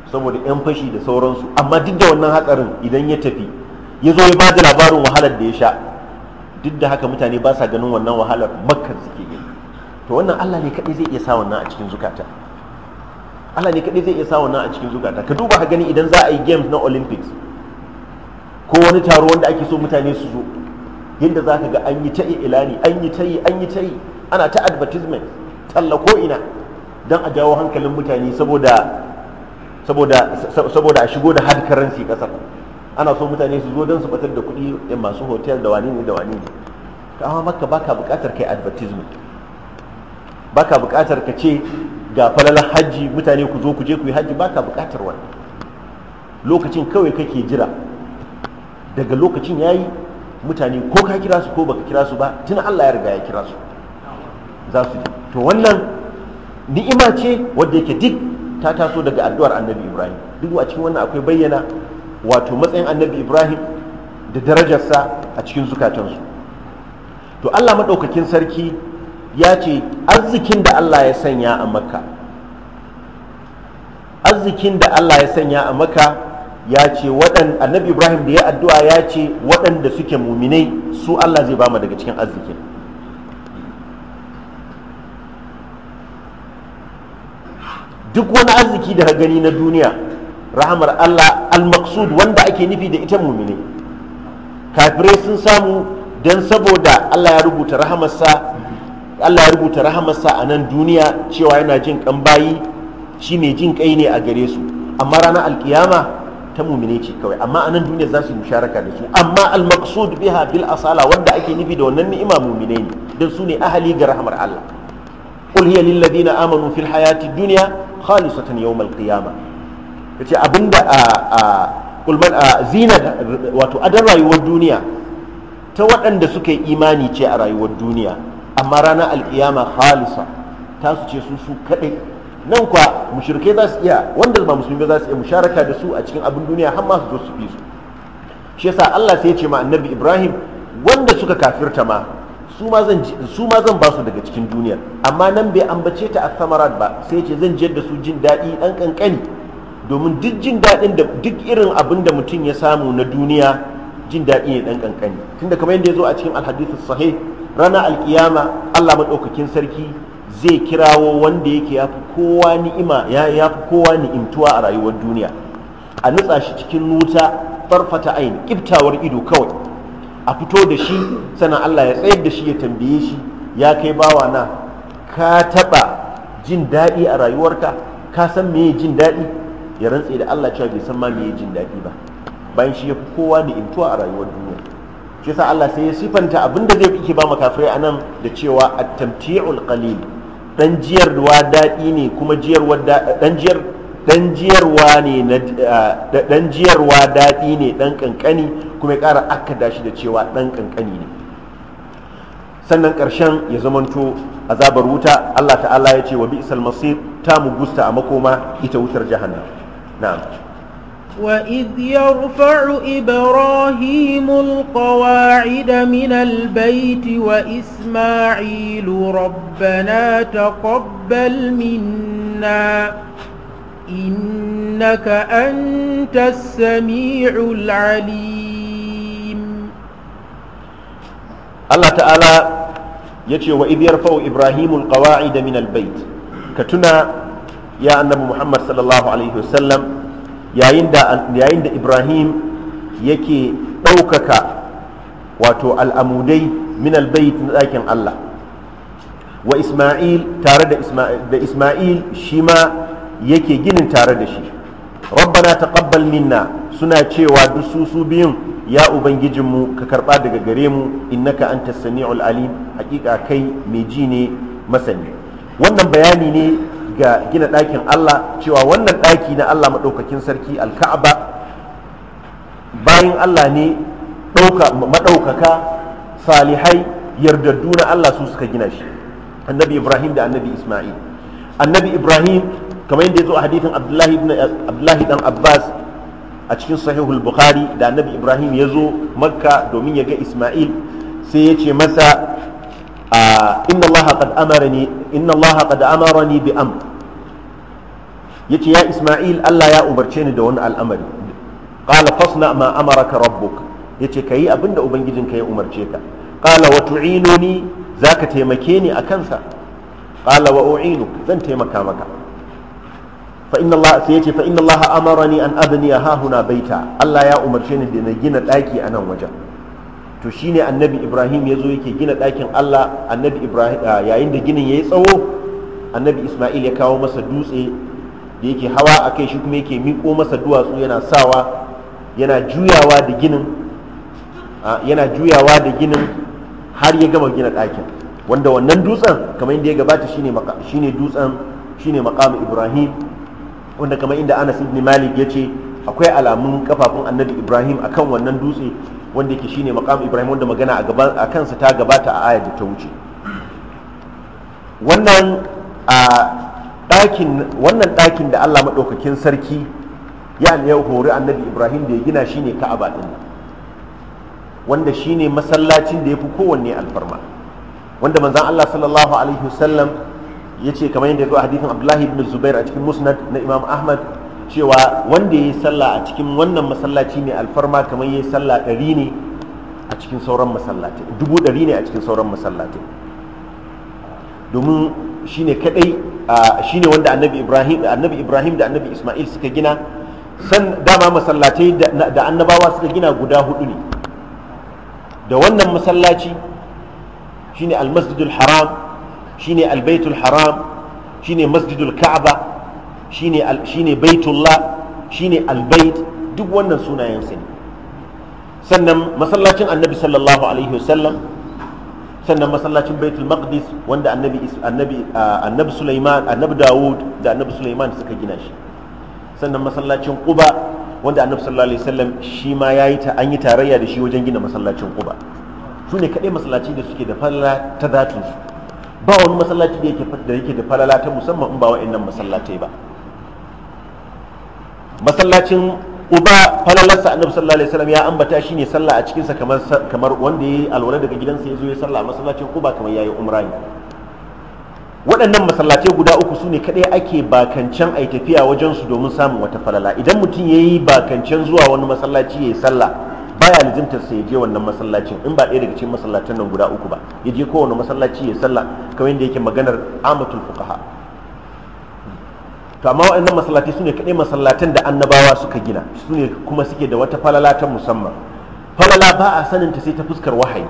saboda yan fashi da sauransu amma duk da wannan hatsarin idan ya tafi ya zo ya ba da labarin wahalar da ya sha duk da haka mutane ba sa ganin wannan wahalar makka suke yi. to wannan Allah ne kadai zai iya sa wannan a cikin zukata Allah ne kadai zai iya sa wannan a cikin zukata ka duba ka gani idan za a yi games na olympics ko wani taro wanda ake so mutane su zo yadda za ka ga an yi ta yi ilani an yi ta yi an yi ta yi ana ta advertisement talla ko ina don a jawo hankalin mutane saboda saboda a shigo da hard currency kasar ana so mutane su zo don su batar da kuɗi masu hotel da wani ne da wani ne ka amma maka baka buƙatar kai advertisement baka buƙatar ka ce ga falalar hajji mutane ku zo ku je ku yi hajji baka buƙatar wani lokacin kawai kake jira daga lokacin ya yi mutane ko ka kira su ko baka kira su ba tun Allah ya riga ya kira su za su to wannan ni'ima ce wadda yake duk ta taso daga addu'ar Annabi Ibrahim duk a cikin wannan akwai bayyana wato matsayin Annabi Ibrahim da darajarsa a cikin zukatansu to Allah madaukakin sarki ya ce arzikin da Allah ya sanya a Makka arzikin da Allah ya sanya a Makka ya ce waɗan annabi ibrahim da ya addu'a ya ce waɗanda suke muminai su allah zai bama daga cikin arziki. duk wani arziki da gani na duniya rahamar allah al-maqsud wanda ake nufi da ita muminai kafirai sun samu don saboda allah ya rubuta rahamarsa allah ya rubuta rahamarsa a nan duniya cewa yana jin kan bayi shi ne jin kai ne a gare su amma ranar alkiyama ta mumine ce kawai amma a nan duniya za su yi musharaka da su amma al-maqsud biha bil asala wanda ake nufi da wannan ni'ima mumine ne dan su ne ahali ga rahmar Allah qul hiya lil ladina amanu fil hayati dunya khalisatan yawm al yace abinda a qul man zina wato adan rayuwar duniya ta waɗanda suka yi imani ce a rayuwar duniya amma ranar alkiyama khalisa ta su ce su su kaɗai nan kwa mushrikai za su iya wanda ba musulmi za su iya musharaka da su a cikin abin duniya har ma su zo su fi su shi yasa Allah sai ya ce ma annabi Ibrahim wanda suka kafirta ma su ma zan su ma zan ba su daga cikin duniya amma nan bai ambace ta as-samarat ba sai ya ce zan jiyar da su jin daɗi dan kankani domin duk jin daɗin da duk irin abin da mutum ya samu na duniya jin daɗi ne dan kankani tunda kamar yadda ya zo a cikin al-hadith sahih ranar alkiyama Allah maɗaukakin sarki zai kirawo wanda yake ya fi kowa ni'ima ya fi kowa ni'imtuwa a rayuwar duniya a nutsa shi cikin wuta farfata aini kiftawar ido kawai a fito da shi sana Allah ya tsayar da shi ya tambaye shi ya kai bawa na ka taɓa jin daɗi a rayuwarka ka san me jin daɗi ya rantse da Allah cewa bai san ma me jin daɗi ba bayan shi ya fi kowa ni'imtuwa a rayuwar duniya shi yasa Allah sai ya sifanta abinda zai fi ba makafirai anan da cewa at-tamti'ul qalil dan jiyarwa daɗi ne kuma dan jiyar jiyarwa ne dan jiyarwa daɗi ne dan kankani kuma ya ƙara akkada shi da cewa dan kankani ne sannan ƙarshen ya zamanto azabar wuta Allah ta'ala ya ce wa bi'sal masir ta mu gusta a makoma ita wutar jahannam na'am وإذ يرفع إبراهيم القواعد من البيت وإسماعيل ربنا تقبل منا إنك أنت السميع العليم الله تعالى يتي وإذ يرفع إبراهيم القواعد من البيت كتنا يا أنب محمد صلى الله عليه وسلم yayin da ibrahim yake ɗaukaka wato al'amudai min albayt na ɗakin allah wa isma'il tare da isma'il shi ma yake ginin tare da shi rabbana taqabbal minna suna cewa duk su su biyun ya ubangijinmu ka karɓa daga gare mu innaka ka'anta sami'ul alim hakika kai mai ji ne masani wannan bayani ne ga gina ɗakin Allah cewa wannan ɗaki na Allah maɗaukakin sarki alka'aba bayan Allah ne maɗaukaka salihai yardaddu na Allah su suka gina shi annabi Ibrahim da annabi Ismail annabi Ibrahim kamar yadda ya zo a hadithin Abdullahi dan Abbas a cikin sahihul Bukhari da annabi Ibrahim ya zo makka domin ya ga Ismail sai ya ce masa ah, inna Allah qad amarani inna Allah qad amarani bi amr yace ya Isma'il Allah ya umarce ni da wani al'amari qala fasna ma amaraka rabbuk yace kayi abinda ka ya umarce ka qala wa tu'inuni zaka taimake ni akan sa qala wa u'inuk zan taimaka maka fa inna Allah sai yace fa inna Allah amarani an abniya ha huna baita Allah ya umarce ni da na gina daki a nan wajen to shine annabi Ibrahim yazo yake gina dakin Allah annabi Ibrahim yayin da ginin yayi tsawo annabi Isma'il ya kawo masa dutse da yake hawa a kai shi kuma yake miƙo masa duwatsu yana sawa yana juyawa da ginin yana juyawa da ginin har ya gama gina ɗakin wanda wannan dutsen kamar inda ya gabata shine dutsen shine makamu ibrahim wanda kamar inda anas ibn malik ya ce akwai alamun kafafun annabi ibrahim akan wannan dutse wanda yake shine makamu ibrahim wanda magana a kansa ta gabata a ayar da ta wuce wannan a ɗakin wannan ɗakin da Allah maɗaukakin sarki ya yau hori annabi Ibrahim da ya gina shi ne ka'aba ɗin wanda shi ne masallacin da ya fi kowanne alfarma wanda manzan Allah sallallahu alaihi wasallam ya ce kamar yadda ya zo a hadithin Abdullahi ibn Zubair a cikin Musnad na Imam Ahmad cewa wanda ya yi sallah a cikin wannan masallaci mai alfarma kamar ya yi sallah ɗari ne a cikin sauran masallaci dubu ɗari ne a cikin sauran masallatai domin shine kadai shine wanda annabi ibrahim annabi ibrahim da annabi isma'il suka gina san dama masallatai da annabawa suka gina guda hudu ne da wannan masallaci shine almasjidul haram shine albaitul haram shine masjidul ka'aba shine shine baitullah shine albait duk wannan sunayen ne sannan masallacin annabi sallallahu alaihi wasallam sannan masallacin baitul maqdis wanda annabi annabi annabi sulaiman annabi Da'ud, da annabi sulaiman suka gina shi sannan masallacin quba wanda annabi sallallahu alaihi wasallam shi ma yayi ta an yi tarayya da shi wajen gina masallacin quba su ne kaɗai masallaci da suke da falala ta zatin su ba wani masallaci da yake da yake da falala ta musamman in ba wa'annan masallatai ba masallacin uba falalarsa annabi sallallahu alaihi wasallam ya ambata shi ne sallah a cikinsa kamar wanda ya yi alwala daga gidansa ya zo ya sallah a masallacin ba kamar ya yi umra waɗannan masallace guda uku su ne kaɗai ake bakancan a tafiya wajen su domin samun wata falala idan mutum ya yi bakancan zuwa wani masallaci ya yi sallah baya lizimtar sa ya je wannan masallacin in ba ɗaya daga cikin masallacin nan guda uku ba ya je kowane masallaci ya sallah kamar yadda yake maganar amatul fuqaha to amma waɗannan masallatai ne kaɗai masallatan da annabawa suka gina su ne kuma suke da wata falala ta musamman falala ba a sanin ta sai ta fuskar wahayi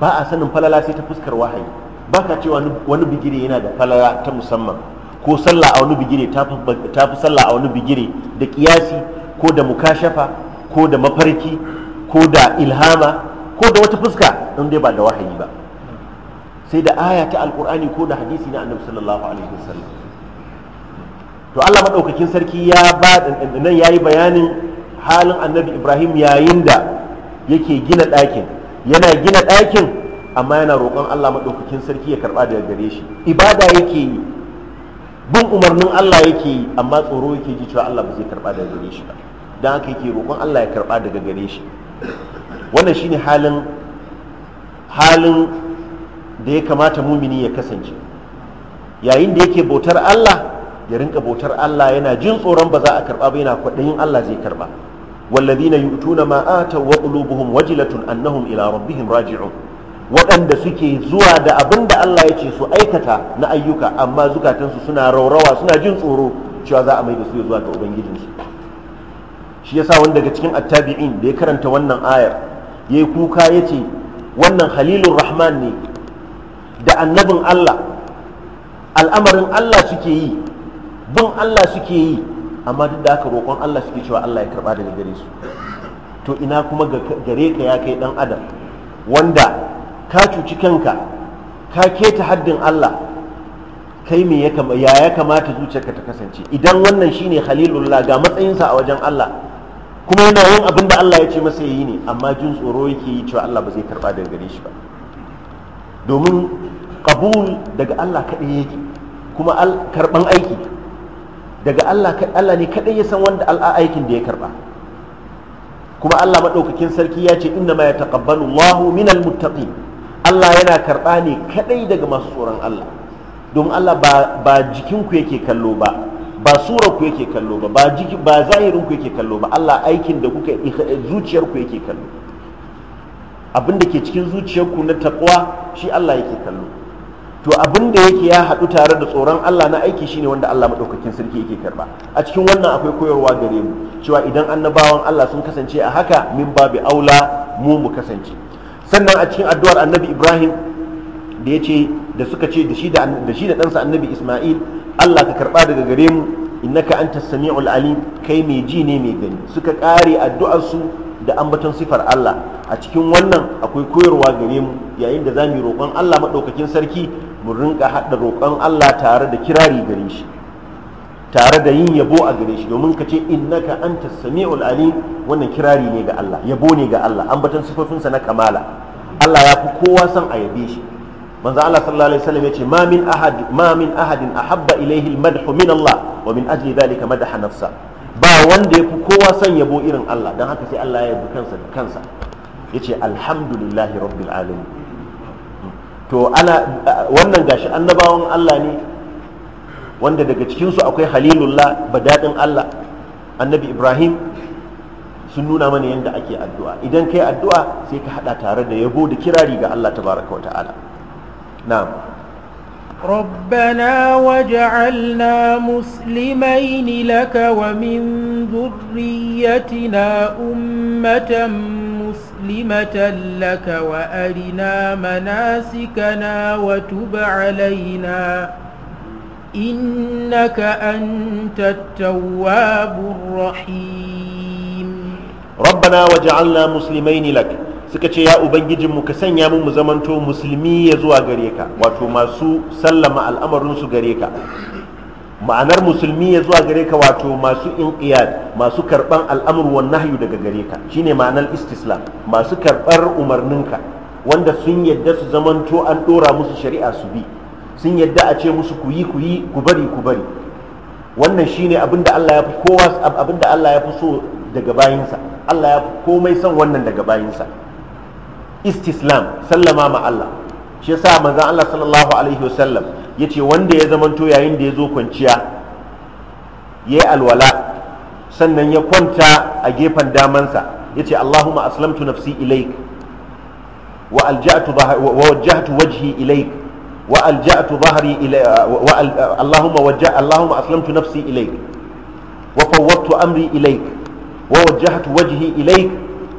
ba a sanin falala sai ta fuskar wahayi ba ka cewa wani bigire yana da falala ta musamman ko sallah a wani bigire ta fi sallah a wani bigire da kiyasi ko da mukashafa ko da mafarki ko da ilhama ko da wata fuska in dai ba da wahayi ba sai da aya ta alkur'ani ko da hadisi na annabi sallallahu alaihi wasallam to Allah maɗaukakin sarki ya ba nan yayi bayanin halin annabi Ibrahim yayin da yake gina ɗakin yana gina ɗakin amma yana roƙon Allah madaukakin sarki ya karɓa daga gare shi ibada yake yi bin umarnin Allah yake yi amma tsoro yake ji cewa Allah ba zai karɓa daga gare shi ba don haka yake roƙon Allah ya karɓa daga gare shi wannan shine halin halin da ya kamata mumini ya kasance yayin da yake bautar Allah ya rinka bautar Allah yana jin tsoron ba za a karba ba yana kwaɗayin Allah zai karba walladhina yu'tuna ma ataw wa qulubuhum wajilatun annahum ila rabbihim raji'un waɗanda suke zuwa da abin da Allah ya ce su aikata na ayyuka amma zukatansu suna raurawa suna jin tsoro cewa za a mai da su zuwa ga ubangijinsu shi yasa wanda daga cikin attabi'in da ya karanta wannan ayar ya kuka ya ce wannan halilun rahman ne da annabin Allah al'amarin Allah suke yi bin Allah suke yi amma duk da haka roƙon Allah suke cewa Allah ya karɓa daga gare su to ina kuma gare ka ya kai ɗan adam wanda ka cuci kanka ka keta haddin Allah kai me ya ya kamata ka ta kasance idan wannan shine khalilullah ga matsayinsa a wajen Allah kuma yana yin abin da Allah ya ce masa yi ne amma jin tsoro yake yi cewa Allah ba zai karɓa daga gare shi ba domin kabul daga Allah kaɗai yake kuma karɓan aiki daga Allah Allah ne kadai ya san wanda aikin da ya karba kuma Allah madaukakin sarki ya ce inna ma yataqabbalu Allahu minal muttaqin Allah yana karba ne kadai daga masu tsoron Allah don Allah ba ba jikin ku yake kallo ba ba sura ku yake kallo ba ba jiki ba zahirin ku yake kallo ba Allah aikin da kuka zuciyar ku yake kallo abin da ke cikin zuciyar ku na taqwa shi Allah yake kallo to abin da yake ya haɗu tare da tsoron Allah na aiki shine wanda Allah maɗaukakin sarki yake karba a cikin wannan akwai koyarwa gare mu cewa idan annabawan Allah sun kasance a haka min babu aula mu mu kasance sannan a cikin addu'ar annabi Ibrahim da ya ce da suka ce da shi da ɗansa annabi Ismail Allah ka karɓa daga gare mu innaka anta sami'ul alim kai mai ji ne mai gani suka ƙare su da ambaton sifar Allah a cikin wannan akwai koyarwa gare mu yayin da za mu roƙon Allah maɗaukakin sarki mu rinka haɗa roƙon Allah tare da kirari gare shi tare da yin yabo a gare shi domin ka ce innaka anta sami'ul alim wannan kirari ne ga Allah yabo ne ga Allah ambatan sifofinsa na kamala Allah ya fi kowa son a yabe shi manzo Allah sallallahu alaihi wasallam yace ma min ahad ma min ahadin ahabba ilayhi al-madhu min Allah wa min ajli dhalika madaha nafsa ba wanda yafi kowa son yabo irin Allah dan haka sai Allah ya yabi kansa da kansa yace alhamdulillahi rabbil alamin to ana wannan gashi annabawan Allah ne wanda daga cikinsu akwai halilullah daɗin Allah annabi Ibrahim sun nuna mana yadda ake addu'a idan kai addu'a sai ka haɗa tare da yabo da kirari ga Allah tabaraka wa ta'ala na'am ربنا وجعلنا مسلمين لك ومن ذريتنا أمة مسلمة لك وأرنا مناسكنا وتب علينا إنك أنت التواب الرحيم ربنا وجعلنا مسلمين لك suka ce ya ubangijinmu ka sanya mu mu zamanto musulmi ya zuwa gare ka wato masu sallama al'amarinsu gare ka ma'anar musulmi ya zuwa gare ka wato masu inqiyad masu karban al'amur wan nahyu daga gare ka shine ma'anar istislam masu karbar ka. wanda sun yadda su zamanto an dora musu shari'a su bi sun yadda a ce musu ku yi ku yi ku bari ku bari wannan shine abinda Allah ya fi kowa abinda Allah ya fi so daga bayinsa Allah ya fi komai son wannan daga bayinsa istislam sallama ma Allah shi yasa manzon Allah sallallahu alaihi wasallam yace wanda ya zamanto yayin da ya zo kwanciya yayi alwala sannan ya kwanta a gefen damansa yace Allahumma aslamtu nafsi ilaik wa alja'tu wa wajjahtu wajhi ilaik wa alja'tu dhahri ilayka wa Allahumma wajja Allahumma aslamtu nafsi ilaik wa fawwadtu amri ilaik wa wajjahtu wajhi ilaik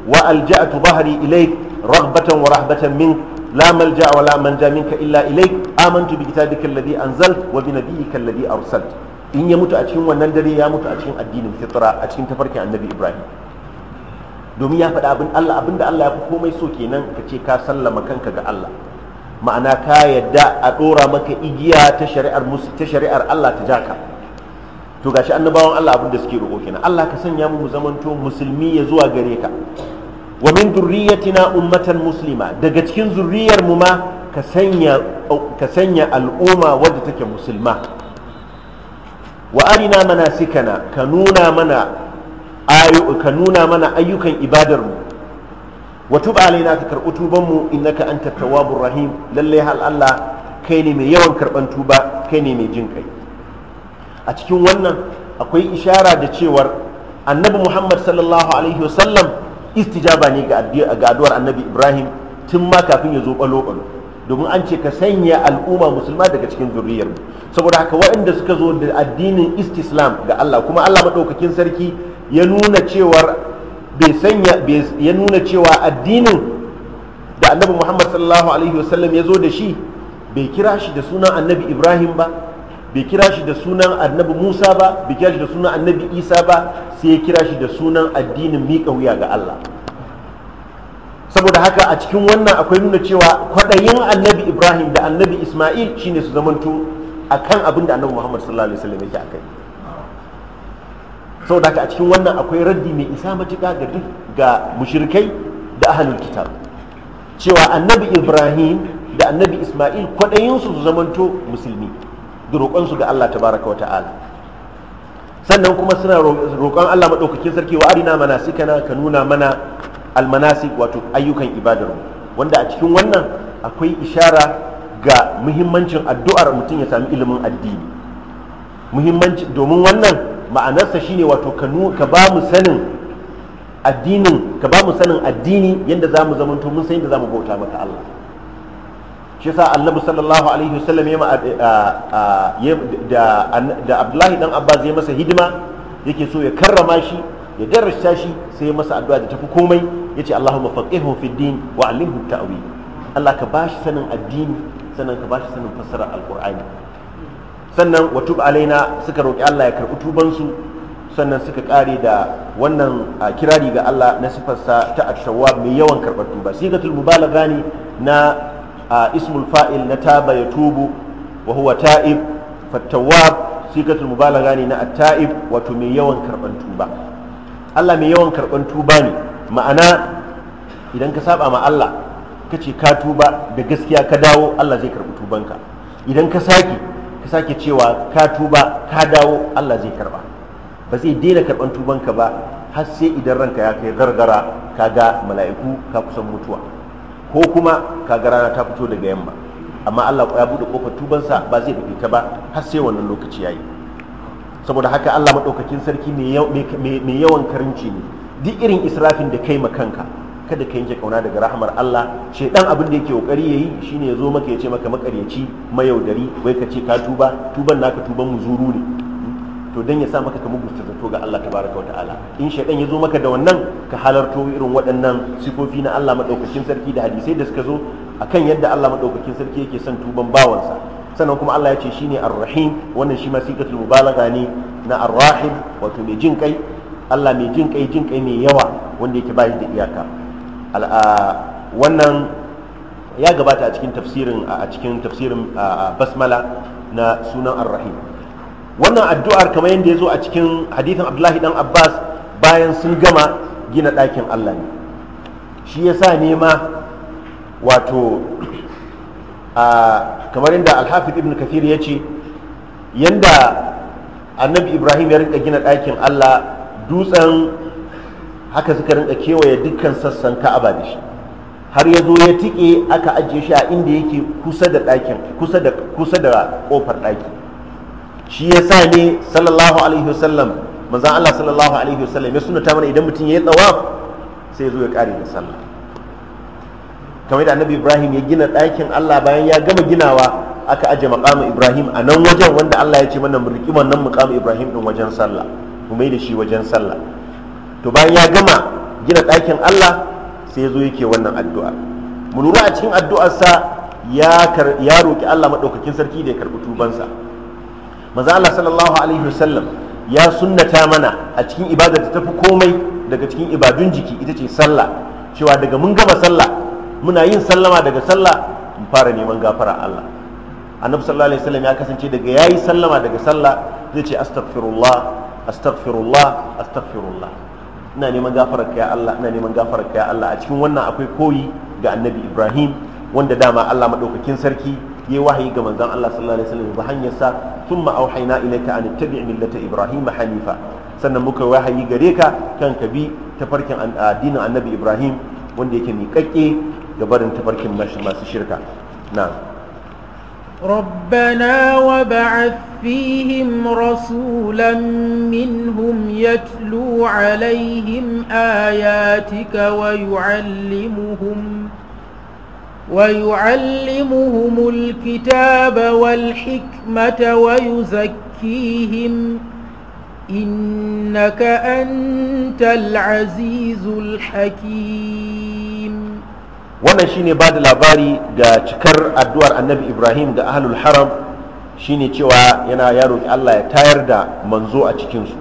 wa alja'tu dhahri ilaik ragbatan wa rahbatan min la malja wa la manja illa ilai amantu bi kitabika alladhi anzal wa bi nabiyyika in ya mutu a cikin wannan dare ya mutu a cikin addinin fitra a cikin tafarkin annabi ibrahim domin ya fada abin Allah Allah ya fi komai so kenan ka ce ka sallama kanka ga Allah ma'ana ka yadda a ɗora maka igiya ta shari'ar ta shari'ar Allah ta jaka to gashi annabawan Allah abin da suke roƙo kenan Allah ka sanya mu mu zamanto musulmi ya zuwa gare ka wa min durriyatina ummatan muslima daga cikin zurriyar mu ma ka sanya ka sanya al'umma wadda take musulma wa arina manasikana ka nuna mana ayu ka nuna mana ayyukan ibadar mu wa tub alaina ka karbi tuban mu innaka anta tawwabur rahim lalle hal Allah kai ne mai yawan karɓan tuba kai ne mai jin kai a cikin wannan akwai ishara da cewar annabi Muhammad sallallahu alaihi wasallam istijaba ne ga addu'ar annabi ibrahim tun ma kafin ya zo balo-balo domin an ce ka sanya al'umma musulma daga cikin zuriyar mu saboda haka waɗanda suka zo da addinin istislam ga Allah kuma Allah maɗaukakin sarki ya nuna cewar bai sanya ya nuna cewa addinin da annabi Muhammad sallallahu alaihi wasallam ya zo da shi bai kira shi da sunan annabi Ibrahim ba bai kira shi da sunan annabi musa ba bai kira shi da sunan annabi isa ba sai ya kira shi da sunan addinin miƙa wuya ga allah saboda haka a cikin wannan akwai nuna cewa kwaɗayin annabi ibrahim da annabi ismail shine su zamanto a kan abin da annabi muhammad sallallahu alaihi wasallam yake a kai saboda haka a cikin wannan akwai raddi mai isa matuƙa ga duk ga mushrikai da ahlul kitab cewa annabi ibrahim da annabi ismail kwaɗayin su zamanto musulmi da roƙonsu ga Allah tabaraka wa ta'ala sannan kuma suna roƙon Allah maɗaukakin sarki wa arina manasikana ka nuna mana almanasik wato ayyukan ibadarmu wanda a cikin wannan akwai ishara ga muhimmancin addu'ar mutum ya sami ilimin addini muhimmanci domin wannan ma'anarsa shine wato ka ba mu sanin addinin ka ba mu sanin addini yadda za mu zamanto mun san yadda za mu bauta maka Allah shi sa annabi sallallahu alaihi wasallam ya eh, eh, eh, da abdullahi dan abbas ya masa hidima yake so ya karrama shi ya darasta shi sai ya masa addu'a da tafi komai yace allahumma faqihhu fi din wa allimhu ta'wil allah ka bashi sanin addini sannan ka bashi sanin fassarar alqur'ani sannan wa tub alaina suka roki allah ya karbi tuban sannan suka kare da wannan kirari ga allah na sifarsa ta at mai yawan karbar tuba sigatul mubalagha ne na ismul fa'il na taba ya tubu wa huwa ta'ib fattawab sigatul mubalaga ne na at-ta'ib wato mai yawan karban tuba Allah mai yawan karban tuba ne ma'ana idan ka saba ma Allah ka ce ka tuba da gaskiya ka dawo Allah zai karbi tubanka idan ka sake ka sake cewa ka tuba ka dawo Allah zai karɓa. ba zai daina karban tubanka ba har sai idan ranka ya kai gargara ka ga mala'iku ka kusan mutuwa ko kuma kaga rana ta fito daga yamma amma Allah ya bude kofar tubansa ba zai bude ta ba har sai wannan lokaci yayi saboda haka Allah madaukakin sarki mai yawan karinci ne duk irin israfin da kai kanka kada ka yanke kauna daga rahamar Allah shedan abin da yake kokari yayi shine ya zo maka ya ce maka makaryaci mayaudari wai ka ce ka tuba tuban naka tuban muzuru ne to don ya sa maka ka mugunta zato ga Allah tabaraka wata'ala in shaidan ya zo maka da wannan ka halarto irin waɗannan sifofi na Allah maɗaukakin sarki da hadisai da suka zo akan yadda Allah maɗaukakin sarki yake son tuban bawansa sannan kuma Allah ya ce shine ar-rahim wannan shi ma sigatul mubalagha ne na ar wato mai jin kai Allah mai jin kai jin kai mai yawa wanda yake bayi da iyaka wannan ya gabata a cikin tafsirin a cikin tafsirin basmala na sunan ar wannan addu'ar kamar yadda ya zo a cikin hadithin abdullahi dan abbas bayan sun gama gina ɗakin allah ne shi ya sa nema wato kamar yadda alhafiz ibn kathir ya ce yadda annabi ibrahim ya rinka gina ɗakin allah dutsen haka suka rinka kewaye dukkan sassan ka'aba da shi har ya zo ya tike aka ajiye shi a inda yake kusa da ɗakin kusa da ƙofar ɗakin. shi ya sa ne sallallahu alaihi wasallam manzan Allah sallallahu alaihi wasallam ya sunata mana idan mutum ya yi tsawaf sai ya zo ya kare da sallah kamar da annabi ibrahim ya gina ɗakin allah bayan ya gama ginawa aka aje makamu ibrahim a nan wajen wanda allah ya ce mana mu riƙi wannan makamu ibrahim ɗin wajen sallah mu mai da shi wajen sallah to bayan ya gama gina ɗakin allah sai ya zo yake wannan addu'a mu lura a cikin addu'arsa ya roƙi allah maɗaukakin sarki da ya karɓi tubansa Maza Allah sallallahu alaihi wasallam ya sunnata mana a cikin ibada da tafi komai daga cikin ibadun jiki ita ce sallah cewa daga mun gama sallah muna yin sallama daga sallah mu fara neman gafara Allah annabi sallallahu alaihi wasallam ya kasance daga yayi sallama daga sallah zai ce astaghfirullah astaghfirullah astaghfirullah ina neman gafarar ka ya Allah ina neman gafarar ka ya Allah a cikin wannan akwai koyi ga annabi Ibrahim wanda dama Allah madaukakin sarki يي وحي الله صلى الله عليه وسلم بحن يسا ثم اوحينا اليك ان تتبع مله ابراهيم حنيفا sannan muka wahayi gare ka kan ka bi tafarkin addinin annabi ibrahim wanda yake miƙaƙƙe ga barin tafarkin masu shirka na ربنا وبعث فيهم رسولا منهم يتلو عليهم آياتك ويعلمهم ويعلمهم الكتاب والحكمة ويزكيهم إنك أنت العزيز الحكيم ونشيني بعد لاباري دا تكر الدوار النبي إبراهيم دا أهل الحرم شيني تيوا ينا يارو الله يتاير دا منزوع تكينسو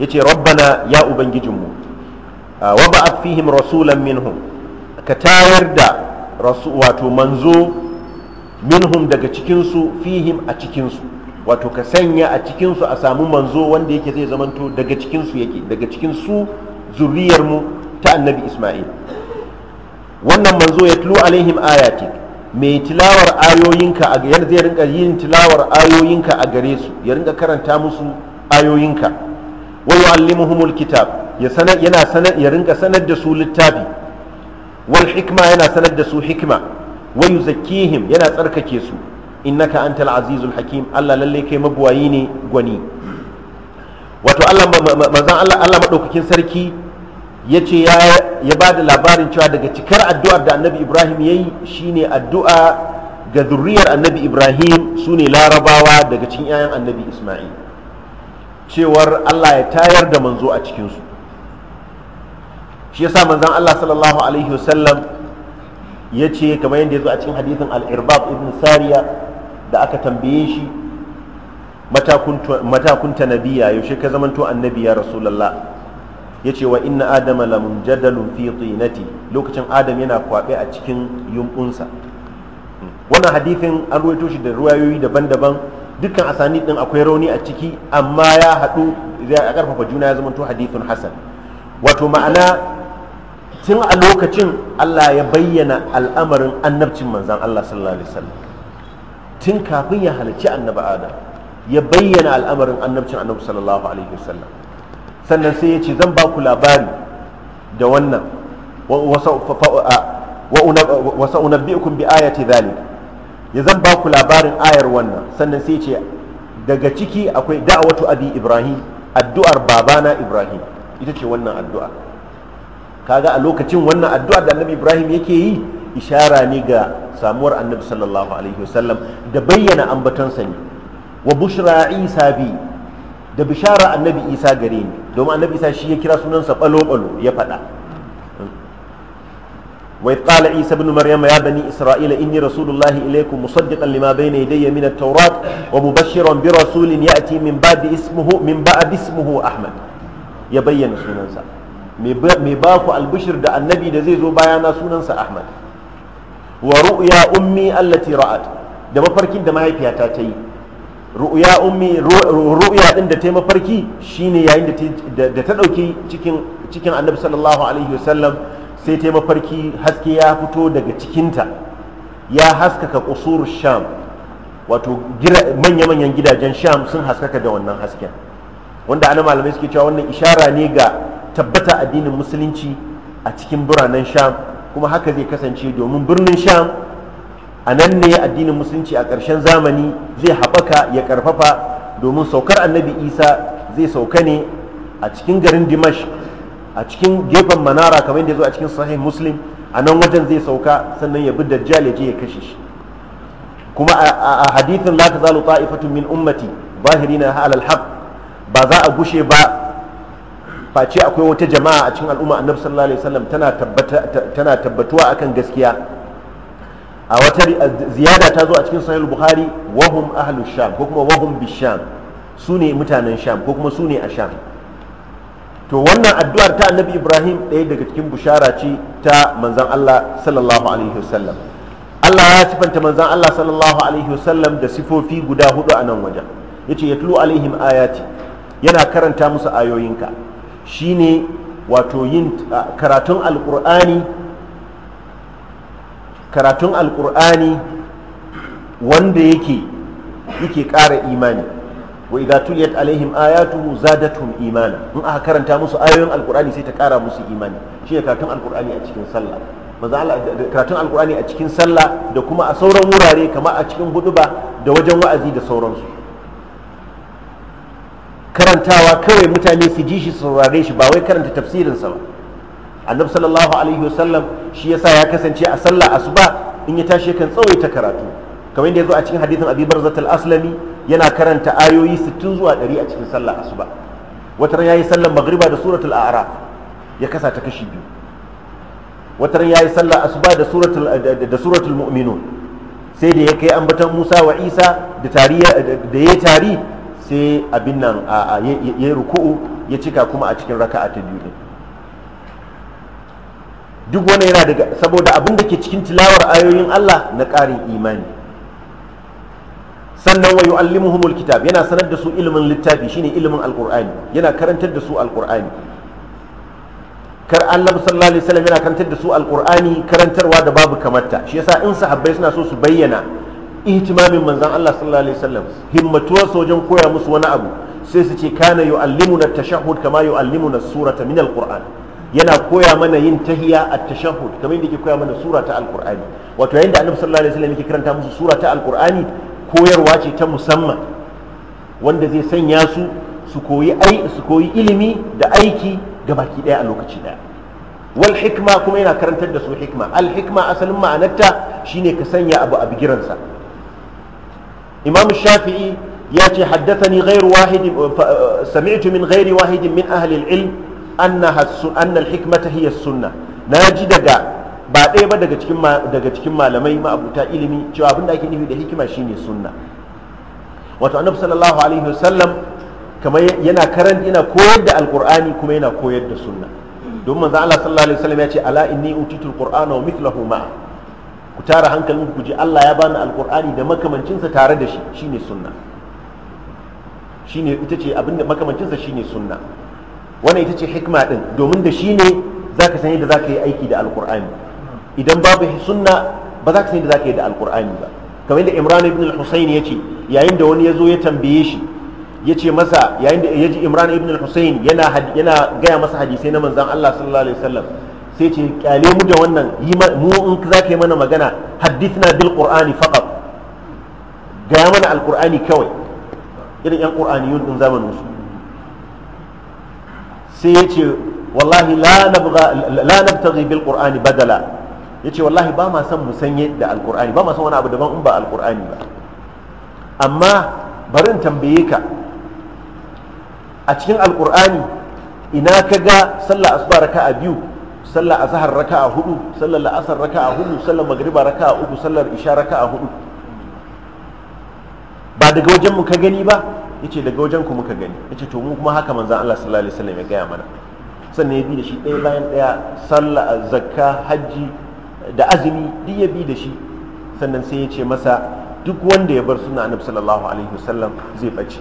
يتي ربنا يا أبنجي جمو آه، وبعث فيهم رسولا منهم كتاير دا rasu, wato manzo minhum daga cikinsu fihim a cikinsu wato ka sanya a cikinsu a samu manzo wanda yake zai zamanto daga cikinsu yake daga cikinsu zuriyarmu ta annabi isma'il wannan manzo ya tulu alaihim ayati mai tilawar ayoyinka a yadda zai rinka yin tilawar ayoyinka a gare su ya rinka karanta musu ayoyinka wa yu'allimuhumul kitab ya sanar ya rinka sanar da su littafi wal hikma yana sanar da su hikma wa yuzakkihim yana tsarkake su innaka antal azizul hakim Allah kai mabuwayi ne gwani wato Allah manzon Allah Allah madaukakin sarki yace ya ya bada labarin cewa daga cikar addu'ar da Annabi Ibrahim yayi shine addu'a ga zurriyar Annabi Ibrahim sune larabawa daga cikin 'ya'yan Annabi Isma'il cewar Allah ya tayar da manzo a cikinsu shi yasa manzon Allah sallallahu alaihi wasallam ya kamar yadda ya zo a cikin hadithin al-irbab ibn sariya da aka tambaye shi matakunta nabiya yaushe ka zamanto annabi ya rasulullah ya ce wa inna adama la fi tinati lokacin adam yana kwabe a cikin yumbunsa wannan hadithin an ruwaito shi da ruwayoyi daban-daban dukkan asani din akwai rauni a ciki amma ya haɗu zai a juna ya zamanto hadithun hasan wato ma'ana tun a lokacin Allah ya bayyana al'amarin annabcin manzan Allah sallallahu alaihi wasallam tun kafin ya halicci annabi Adam ya bayyana al'amarin annabcin annabi sallallahu alaihi wasallam sannan sai ya ce zan ba ku labari da wannan wa unabbi'ukum bi ayati dhalik ya zan ba ku labarin ayar wannan sannan sai ya ce daga ciki akwai da'awatu abi ibrahim addu'ar babana ibrahim ita ce wannan addu'a kaga a lokacin wannan addu'a da annabi ibrahim yake yi ishara ne ga samuwar annabi sallallahu alaihi wasallam da bayyana ambatonsa ne wa bushra isa bi da bishara annabi isa gare ni domin annabi isa shi ya kira sunansa balo-balo ya faɗa وإذ قال عيسى ابن مريم يا بني إسرائيل إني رسول الله إليكم مصدقا لما بين يدي من التوراة ومبشرا برسول يأتي من بعد اسمه من بعد اسمه أحمد يبين mai ba ku albishir da annabi da zai zo bayana sunansa ahmad wa ru'ya ummi allati ra'at da mafarkin da mahaifiyata ta yi ru'ya ummi ru'ya din da ta yi mafarki shine yayin da ta dauki cikin annabi sallallahu alaihi wasallam sai ta yi mafarki haske ya fito daga cikinta ya haskaka kusur sham wato manya-manyan gidajen sham sun haskaka da wannan hasken wanda ana malamai suke cewa wannan ishara ne ga tabbata addinin musulunci a cikin biranen sham kuma haka zai kasance domin birnin sham a nan ne addinin musulunci a ƙarshen zamani zai haɓaka ya ƙarfafa domin saukar annabi isa zai sauka ne a cikin garin dimash a cikin gefen manara kamar yadda ya zo a cikin sahih muslim a nan wajen zai sauka sannan ya bi dajjal ya je ya kashe shi kuma a hadithin la tazalu ta'ifatu min ummati zahirina ala al ba za a gushe ba face akwai wata jama'a a cikin al'umma annabi sallallahu alaihi wasallam tana tabbata tana tabbatuwa akan gaskiya a wata ziyada ta zo a cikin sahih bukhari wahum ahlu sham ko kuma wahum bisham su ne mutanen sham ko kuma su ne a sham to wannan addu'ar ta annabi ibrahim ɗaya daga cikin bushara ce ta manzan allah sallallahu alaihi wasallam allah ya sifanta manzan allah sallallahu alaihi wasallam da sifofi guda hudu a nan wajen Ya ce ya yatlu alaihim ayati yana karanta musu ayoyinka shine wato yin karatun alkur'ani karatun alkur'ani wanda yake yake ƙara imani wa idza tuliyat alaihim ayatuhu zadatuhum imana in aka karanta musu ayoyin alkur'ani sai ta ƙara musu imani shi ne karatun alkur'ani a cikin sallah manzo Allah karatun alkur'ani a cikin sallah da kuma a sauran wurare kamar a cikin huduba da wajen wa'azi da sauransu karantawa kawai mutane su ji shi su saurare shi ba wai karanta tafsirinsa ba annabi sallallahu alaihi wasallam shi yasa ya kasance a sallah asuba in ya tashi kan tsawaita karatu kamar yadda ya zo a cikin hadithin abi barzat al-aslami yana karanta ayoyi 60 zuwa 100 a cikin sallah asuba wata ran yayi sallar maghriba da suratul a'raf ya kasa ta kashi biyu wata ran yayi sallar asuba da suratul da suratul mu'minun sai da ya kai ambaton Musa wa Isa da tariya da yayi tari sai abin nan ya ruku'u ya cika kuma a cikin raka'a ta biyu duk wani yana daga saboda abin da ke cikin tilawar ayoyin Allah na ƙarin imani sannan wa yu'allimuhumul kitab yana sanar da su ilimin littafi shine ilimin alqur'ani yana karantar da su alqur'ani kar Allah sallallahu alaihi wasallam yana karantar da su alqur'ani karantarwa da babu kamarta shi yasa in sahabbai suna so su bayyana ihtimamin manzon Allah sallallahu alaihi wasallam himmatuwar wajen koya musu wani abu sai su ce kana yu'allimuna tashahhud kama yu'allimuna surata min alquran yana koya mana yin tahiya at tashahhud kamar yadda yake koya mana sura ta alqurani wato yayin da annabi sallallahu alaihi wasallam yake karanta musu sura ta alqurani koyarwa ce ta musamman wanda zai sanya su su koyi su koyi ilimi da aiki gabaki daya a lokaci daya wal hikma kuma yana karantar da su hikma al hikma asalin ma'anarta shine ka sanya abu a bigiransa imam shafi'i ya ce haddathani ghairu wahidin sami'tu min ghairi wahidin min ahli ilm anna anna al-hikmata hiya as-sunnah naji daga ba ɗaya ba daga cikin malamai ma'abuta ilimi cewa abin da ake nufi da hikima shine sunna wato annabi sallallahu alaihi wasallam kamar yana karanta yana koyar da alqur'ani kuma yana koyar da sunna don manzo Allah sallallahu alaihi wasallam ya ce ala inni utitul qur'ana wa mithluhu ma'a ku tara hankalin ku ji Allah ya bani alkur'ani da makamancinsa tare da shi shine sunna shine ita ce abinda makamancinsa shine sunna wannan ita ce hikma din domin da shi ne za ka san yadda za ka yi aiki da alkur'ani idan babu sunna ba za ka san yadda za ka yi da alkur'ani ba kamar yadda Imran ibn al-Husayn ya ce, yayin da wani ya zo ya tambaye shi ya ce masa yayin da ya ji Imran ibn al-Husayn yana yana gaya masa hadisai na manzon Allah sallallahu alaihi wasallam sai ce kyale mu da wannan yi mu in za ka yi mana magana haddithna bil qur'ani faqat gaya mana alqur'ani kawai irin yan yun din zamanin su sai ya ce wallahi la nabga la nabtaghi bil qur'ani badala yace wallahi ba ma san mu sanye da alqur'ani ba ma san wani abu daban in ba alqur'ani ba amma bari in tambaye ka a cikin alqur'ani ina ka ga sallah asbaraka a biyu sallar azhar raka'a hudu sallar la'asar raka'a hudu sallar magriba raka'a uku sallar isha raka'a hudu ba daga wajen muka ka gani ba ce daga wajen ku muka gani ce to mu kuma haka manzan Allah sallallahu alaihi wasallam ya gaya mana sannan ya bi da shi ɗaya bayan ɗaya sallar zakka hajji da azumi duk ya bi da shi sannan sai ya ce masa duk wanda ya bar suna annabi sallallahu alaihi wasallam zai ɓace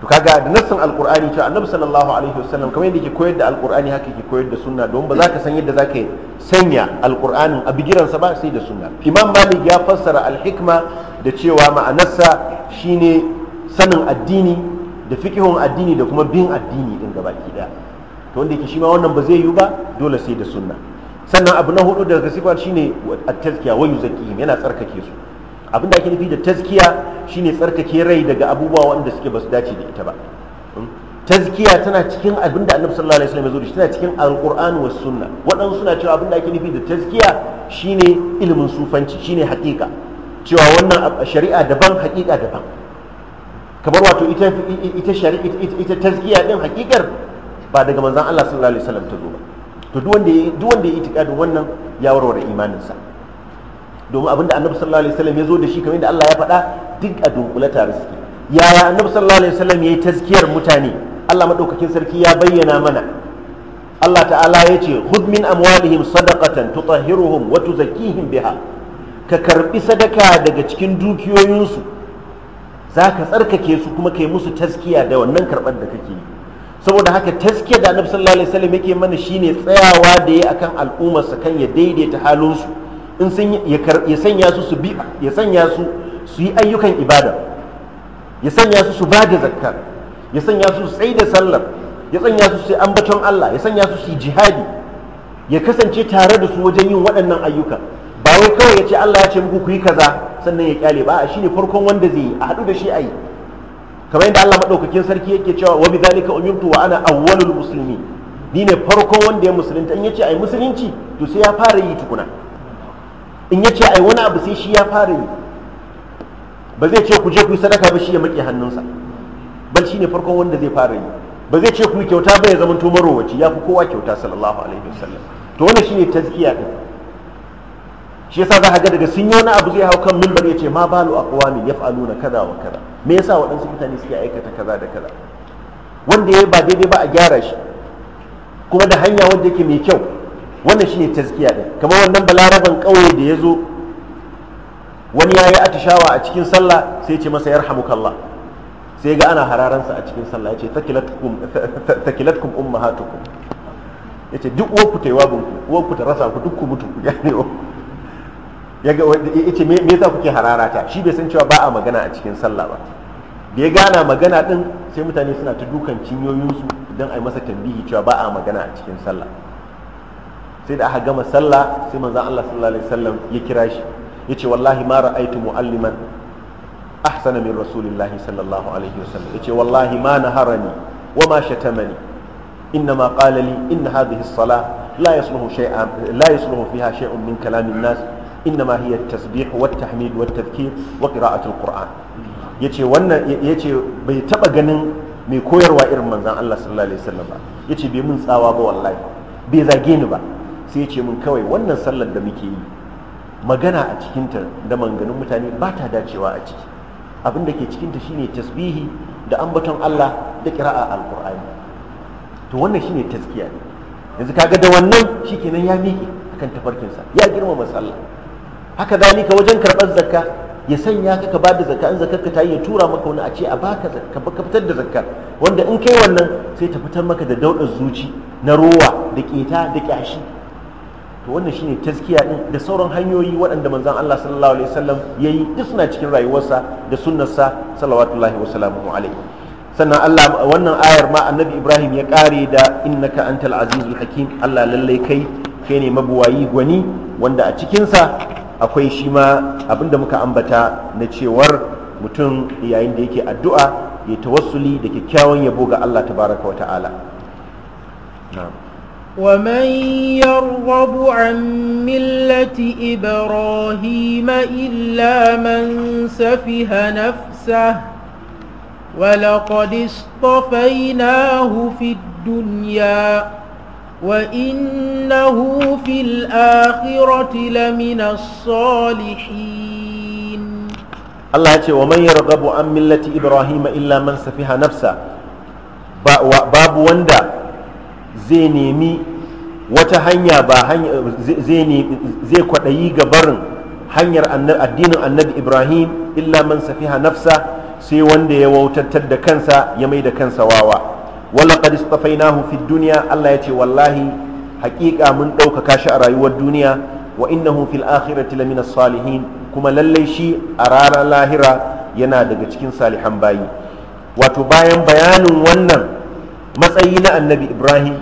to kaga da nassan alqur'ani cewa annabi sallallahu alaihi wasallam kamar yadda ke koyar da alqur'ani haka ke koyar da sunna don ba za ka san yadda za ka sanya alqur'anin a bigiransa ba sai da sunna imam malik ya fassara alhikma da cewa ma'anarsa shine sanin addini da fikihun addini da kuma bin addini din gabaki kida to wanda yake shi ma wannan ba zai yiwu ba dole sai da sunna sannan abu na hudu daga sifar shine at-tazkiya wa yuzakkihim yana tsarkake su abinda ake nufi da tazkiya shine tsarkake rai daga abubuwa wanda suke basu dace da ita ba hmm? tazkiya tana cikin abin da annabi sallallahu alaihi wasallam ya zo da shi tana cikin alqur'ani was sunna waɗansu suna cewa abin da ake nufi da tazkiya shine ilimin sufanci shine haƙiƙa cewa wannan shari'a daban haƙiƙa daban kamar wato ita ita shari'a ita tazkiya din haƙiƙar ba daga manzon Allah sallallahu alaihi wasallam ta zo ba to duk wanda duk wanda ya itikadin wannan ya warware imaninsa sa domin abinda annabi sallallahu alaihi wasallam ya zo da shi kamar yadda Allah ya faɗa duk a dunkule tare suke yaya annabi sallallahu alaihi wasallam yayi tazkiyar mutane Allah madaukakin sarki ya bayyana mana Allah ta'ala ya ce hud min amwalihim sadaqatan tutahhiruhum wa tuzakkihim biha ka karbi sadaka daga cikin dukiyoyinsu za ka tsarkake su kuma kai musu taskiya da wannan karɓar da kake yi saboda haka tazkiya da annabi sallallahu alaihi wasallam yake mana shine tsayawa da yi akan al'ummarsa kan ya daidaita su in sun ya sanya su su yi ayyukan ibada ya sanya su su ba da zakka ya sanya su su tsaye da sallar ya sanya su su ambaton Allah ya sanya su su jihadi ya kasance tare da su wajen yin waɗannan ayyuka ba wai kawai ya ce Allah ya ce muku ku yi kaza sannan ya kyale ba a shine farkon wanda zai yi a haɗu da shi a yi kamar yadda Allah maɗaukakin sarki yake cewa wa bi zalika umirtu wa ana awwalul muslimin ni ne farkon wanda ya musulunta in yace ai musulunci to sai ya fara yi tukuna in ya ce ai wani abu sai shi ya fara yi ba zai ce ku je ku yi sadaka ba shi ya maƙe hannunsa bal shi ne farkon wanda zai fara yi ba zai ce ku yi kyauta ba ya zama to marowaci ya fi kowa kyauta sallallahu alaihi wasallam to wannan shine tazkiya din shi yasa za ka ga daga sun yi wani abu zai hau kan minbar ya ce ma balu aqwamin yaf'aluna kaza wa kaza me yasa waɗansu mutane suke aikata kaza da kaza wanda ya ba daidai ba a gyara shi kuma da hanya wanda yake mai kyau wannan shine tazkiya din kamar wannan balaraban kauye da ya zo wani ya yi atishawa a cikin sallah sai ce masa yarhamukallah sai ga ana hararansa a cikin sallah ya ce takilatkum ummahatukum ya ce duk uwarku ta yi wabinku uwarku ta rasa ku duk ku mutu ku gane ya ga ya ce me yasa kuke hararata shi bai san cewa ba a magana a cikin sallah ba da ya gana magana din sai mutane suna ta dukan cinyoyinsu don a yi masa tambihi cewa ba a magana a cikin sallah sai da aka gama sallah sai manzon Allah sallallahu alaihi wasallam ya kira shi Ya ce wallahi ma ra'aitu mualliman ahsana min rasulillahi sallallahu alaihi wasallam ce wallahi ma naharani wa ma shatamani إنما قال لي إن هذه الصلاة لا يصلح شيئا لا يصلح فيها شيء من كلام الناس إنما هي التسبيح والتحميد والتذكير وقراءة القرآن yace wannan ce bai taba ganin mai koyarwa irin manzan Allah sallallahu alaihi wasallam ba Ya ce bai mun tsawa ba wallahi bai zage ni ba sai ce mun kawai wannan sallar da muke yi magana a cikinta da manganin mutane ba ta dacewa a ciki abin da ke cikinta shine tasbihi da ambaton Allah da kira'a alkur'ani to wannan shine taskiya ne yanzu kaga da wannan shikenan ya miƙe akan tafarkinsa ya girmama sallah haka zalika wajen karɓar zakka ya sanya ka ka bada zakka in zakar ka yi ya tura maka wani a ce a baka zakka ka fitar da zakka wanda in kai wannan sai ta fitar maka da daudar zuci na rowa da keta da kyashi to wannan shine taskiya din da sauran hanyoyi waɗanda manzon Allah sallallahu alaihi wasallam yayi duk suna cikin rayuwarsa da sunnarsa sallallahu wasalamu alaihi sannan Allah wannan ayar ma annabi Ibrahim ya kare da innaka antal azizul hakim Allah lalle kai kai ne mabuwayi gwani wanda a cikinsa akwai shi ma abinda muka ambata na cewar mutum yayin da yake addu'a ya tawassuli da kyakkyawan yabo ga Allah tabaraka wa ta'ala na'am ومن يرغب عن ملة إبراهيم إلا من سفه نفسه ولقد اصطفيناه في الدنيا وإنه في الآخرة لمن الصالحين الله يقول ومن يرغب عن ملة إبراهيم إلا من سفه نفسه باب وندا zai nemi wata hanya ba zai kwaɗayi ga barin hanyar addinin annabi ibrahim illa man safiha nafsa sai wanda ya wautattar da kansa ya mai da kansa wawa wala qad na fid duniya, Allah ya ce wallahi haƙiƙa mun ɗaukaka shi a rayuwar duniya wa innahu fil akhirati lamina salihin kuma lallai shi a ranar lahira yana daga cikin salihan bayi wato bayan bayanin wannan matsayi na annabi ibrahim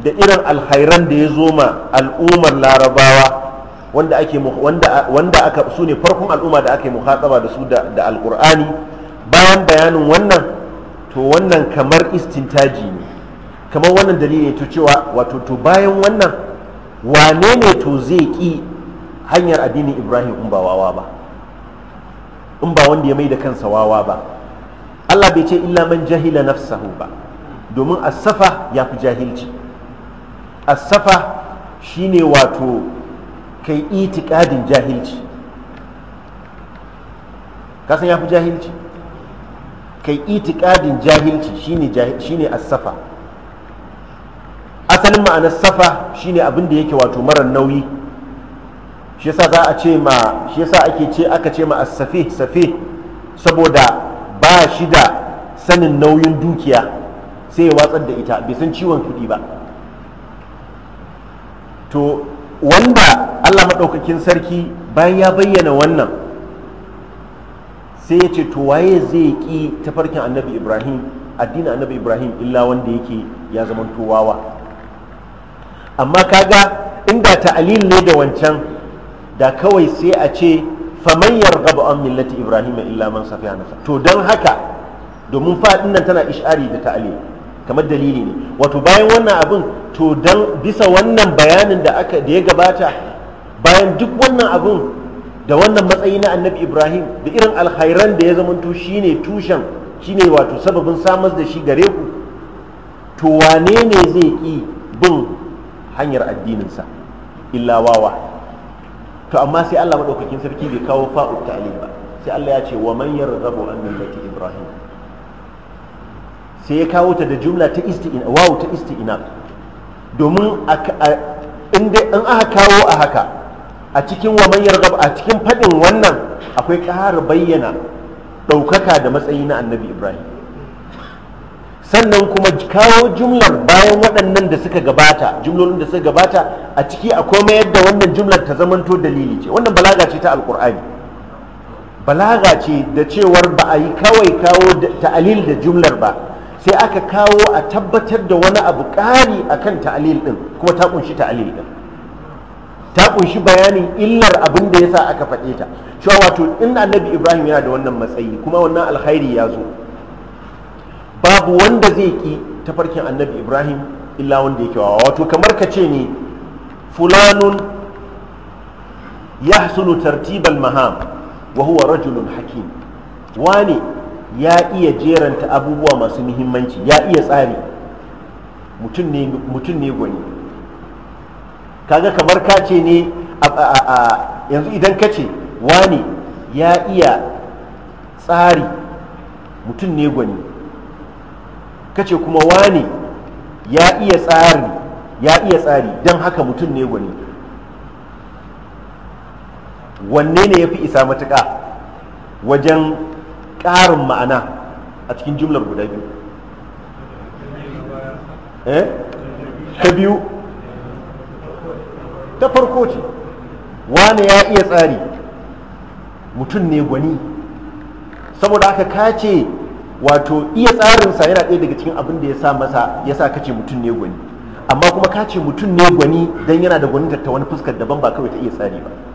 da irin alhairan da ya zo ma al'ummar larabawa wanda ake wanda aka su ne farkon al'umma da aka yi muhatsaba da su da alkur'ani bayan bayanin wannan to wannan kamar istintaji ne kamar wannan dalili ne to cewa wato to bayan wannan wane ne to zai ki hanyar addinin ibrahim in ba wawa ba in ba wanda ya mai da kansa wawa ba allah bai ce illa man jahila nafsahu ba domin asafa ya fi jahilci Asafa shi shine wato kai itikadin jahilci kasan ya fi jahilci kai itikadin jahilci shine ne asafa, asalin ma'anar safa shine abin da yake wato marar nauyi shi yasa za a ce ma shi yasa ake ce aka ce ma as-safi saboda ba shi da sanin nauyin dukiya sai ya watsar da ita bai san ciwon kuɗi ba to wanda Allah maɗaukakin sarki bayan ya bayyana wannan sai ya ce to waye zai ƙi tafarkin annabi ibrahim addinin annabi ibrahim illa wanda yake ya zama tuwawa? amma kaga inda ta'alil ne da wancan da kawai sai a ce faman yarghabu an millati ibrahim illa man safiya nafa to don haka domin faɗin nan tana ish'ari da ta'alil kamar dalili ne wato bayan wannan abin to dan bisa wannan bayanin da aka da ya gabata bayan duk wannan abin da wannan matsayi na annabi ibrahim da irin alkhairan da ya zamanto shine tushen shine wato sababin samar da shi gare ku to wane ne zai ƙi bin hanyar addininsa illa wawa to amma sai allah maɗaukakin sarki bai kawo fa'u ta'ali ba sai allah ya ce wa man yarzabu an millati ibrahim sai ya kawo ta da jumla ta isti'ina wawu ta isti'ina domin in aka kawo a haka a cikin wa manyar rabu a cikin fadin wannan akwai ƙara bayyana ɗaukaka da matsayi na annabi ibrahim sannan kuma kawo jumlar bayan waɗannan da suka gabata jumlolin da suka gabata a ciki akwai mayar da wannan jumlar ta zamanto dalili ce wannan balaga ce ta alkur'ani balaga ce da cewar ba a yi kawai kawo ta'alil da jumlar ba sai aka kawo a tabbatar da wani abu ƙari akan ta'alil ɗin kuma ta kunshi ta'alil ɗin, ta kunshi bayanin illar abin da yasa aka faɗe ta cewa wato in annabi ibrahim yana da wannan matsayi kuma wannan alkhairi ya zo babu wanda zai ta tafarkin annabi ibrahim illa wanda yake wawa wato kamar ka ce ni fulanun yahsunu tartibal maham wa huwa rajulun hakim wane ya iya jeranta abubuwa masu muhimmanci ya iya tsari mutum ne gwani kaga kamar ka ce ne yanzu idan ka ce wani ya iya tsari mutum ne gwani Ka ce kuma wani ya iya tsari ya iya tsari don haka mutum ne gwani wanne ne ya fi isa matuƙa wajen ƙarin ma'ana a cikin jumlar guda biyu eh? ta biyu ta farko ce wane ya iya tsari mutum ne gwani saboda aka kace wato iya tsarinsa yana ɗaya daga cikin abin da ya sa masa ya sa kace mutum ne gwani amma kuma kace mutum ne gwani don yana da gwanin ta fuskar daban ba kawai ta iya tsari ba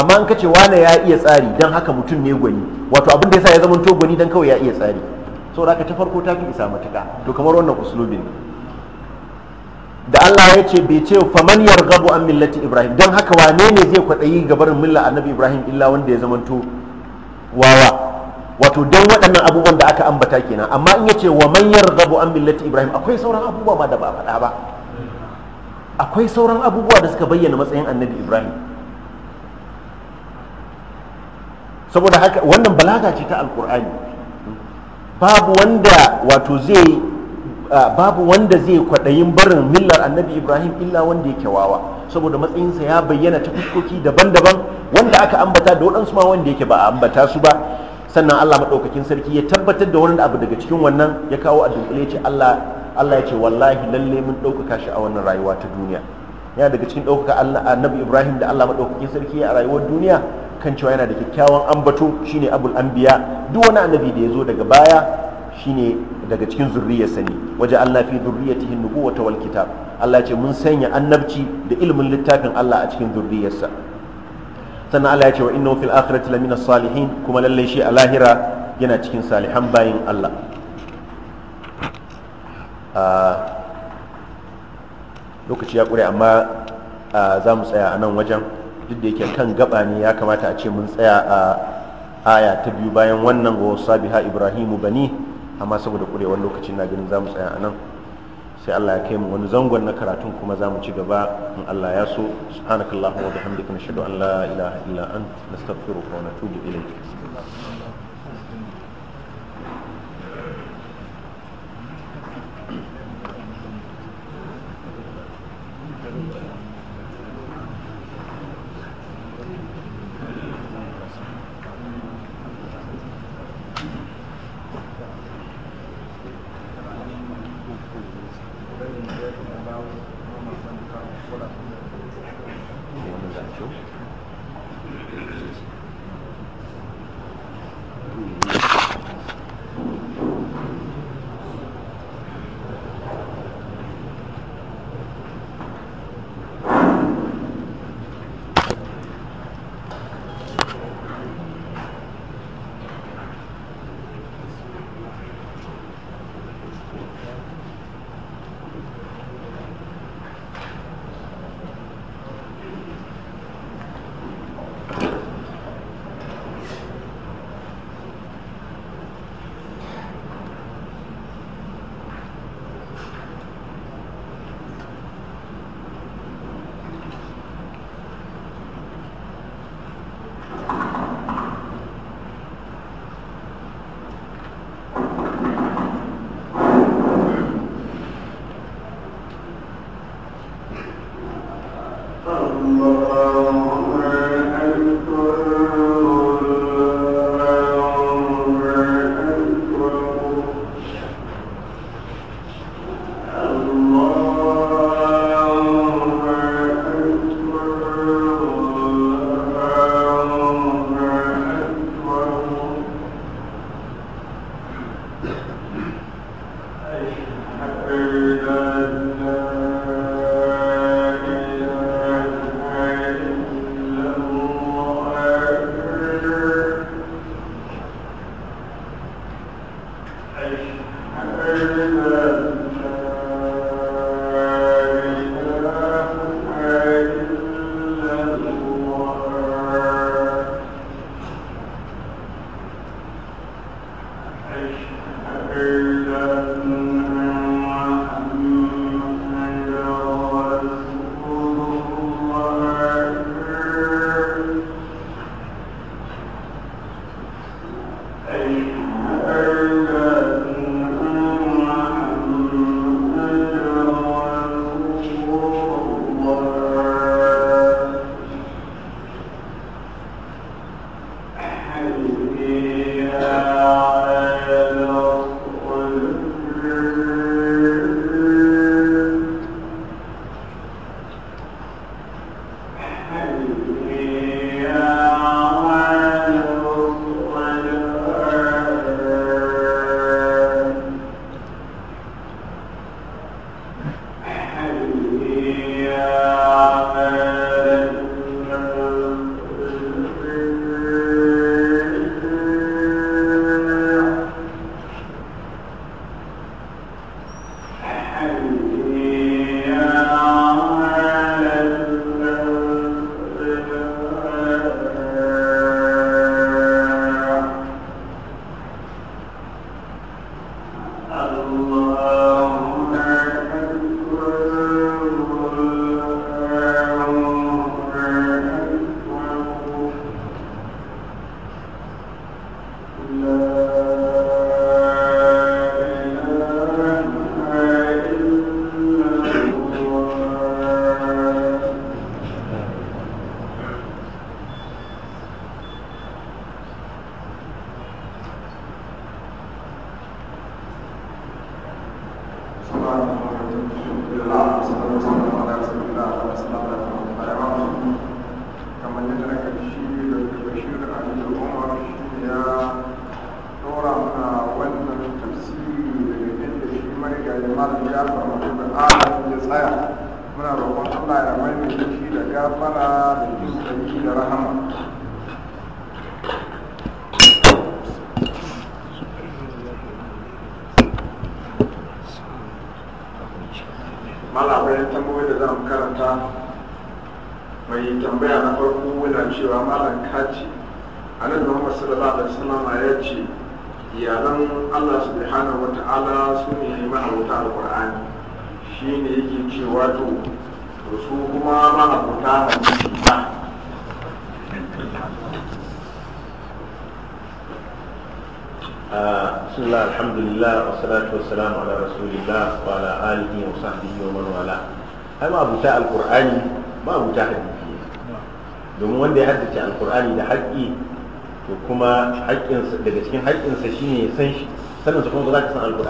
amma an kace wane ya iya tsari don haka mutum ne gwani wato abin da yasa ya zama to gwani don kawai ya iya tsari saboda aka ta farko ta fi isa matuka to kamar wannan uslubin da Allah ya ce bai ce faman yarghabu an millati Ibrahim don haka wane ne zai kwaɗayi gabarin milla annabi Ibrahim illa wanda ya zama to wawa wato don waɗannan abubuwan da aka ambata kenan amma in yace wa man yarghabu an millati Ibrahim akwai sauran abubuwa ma da ba faɗa ba akwai sauran abubuwa da suka bayyana matsayin annabi Ibrahim saboda haka wannan balaga ce ta alkur'ani babu wanda wato zai babu wanda zai kwaɗayin barin millar annabi ibrahim illa wanda ya wawa, saboda matsayinsa ya bayyana ta fuskoki daban-daban wanda aka ambata da waɗansu ma wanda yake ba a ambata su ba sannan allah maɗaukakin sarki ya tabbatar da wani abu daga cikin wannan ya kawo a dunkule ce allah allah ya ce wallahi lalle mun ɗaukaka shi a wannan rayuwa ta duniya yana daga cikin ɗaukaka annabi ibrahim da allah maɗaukakin sarki a rayuwar duniya kan cewa yana da kyakkyawan ambato shine abul anbiya duk wani annabi da ya zo daga baya shine daga cikin zurriyarsa ne waje Allah fi zurriyatihi nubuwata wal kitab Allah ce mun sanya annabci da ilimin littafin Allah a cikin zurriyarsa sannan Allah ya ce wa innahu fil akhirati lamina salihin kuma lalle shi a lahira yana cikin salihan bayin Allah ah, lokaci ya kure amma ah, za mu tsaya a nan wajen duk da yake kan gaba ne ya kamata a ce mun tsaya a aya ta biyu bayan wannan wa ha ibrahimu bani amma saboda kurewar lokacin na ganin zamu tsaya a nan sai Allah ya kai mu wani zangon na karatun kuma zamu ci gaba in Allah ya so subhanakallahumma wa bihamdika nashhadu an la ilaha illa anta nastaghfiruka wa natubu ilayk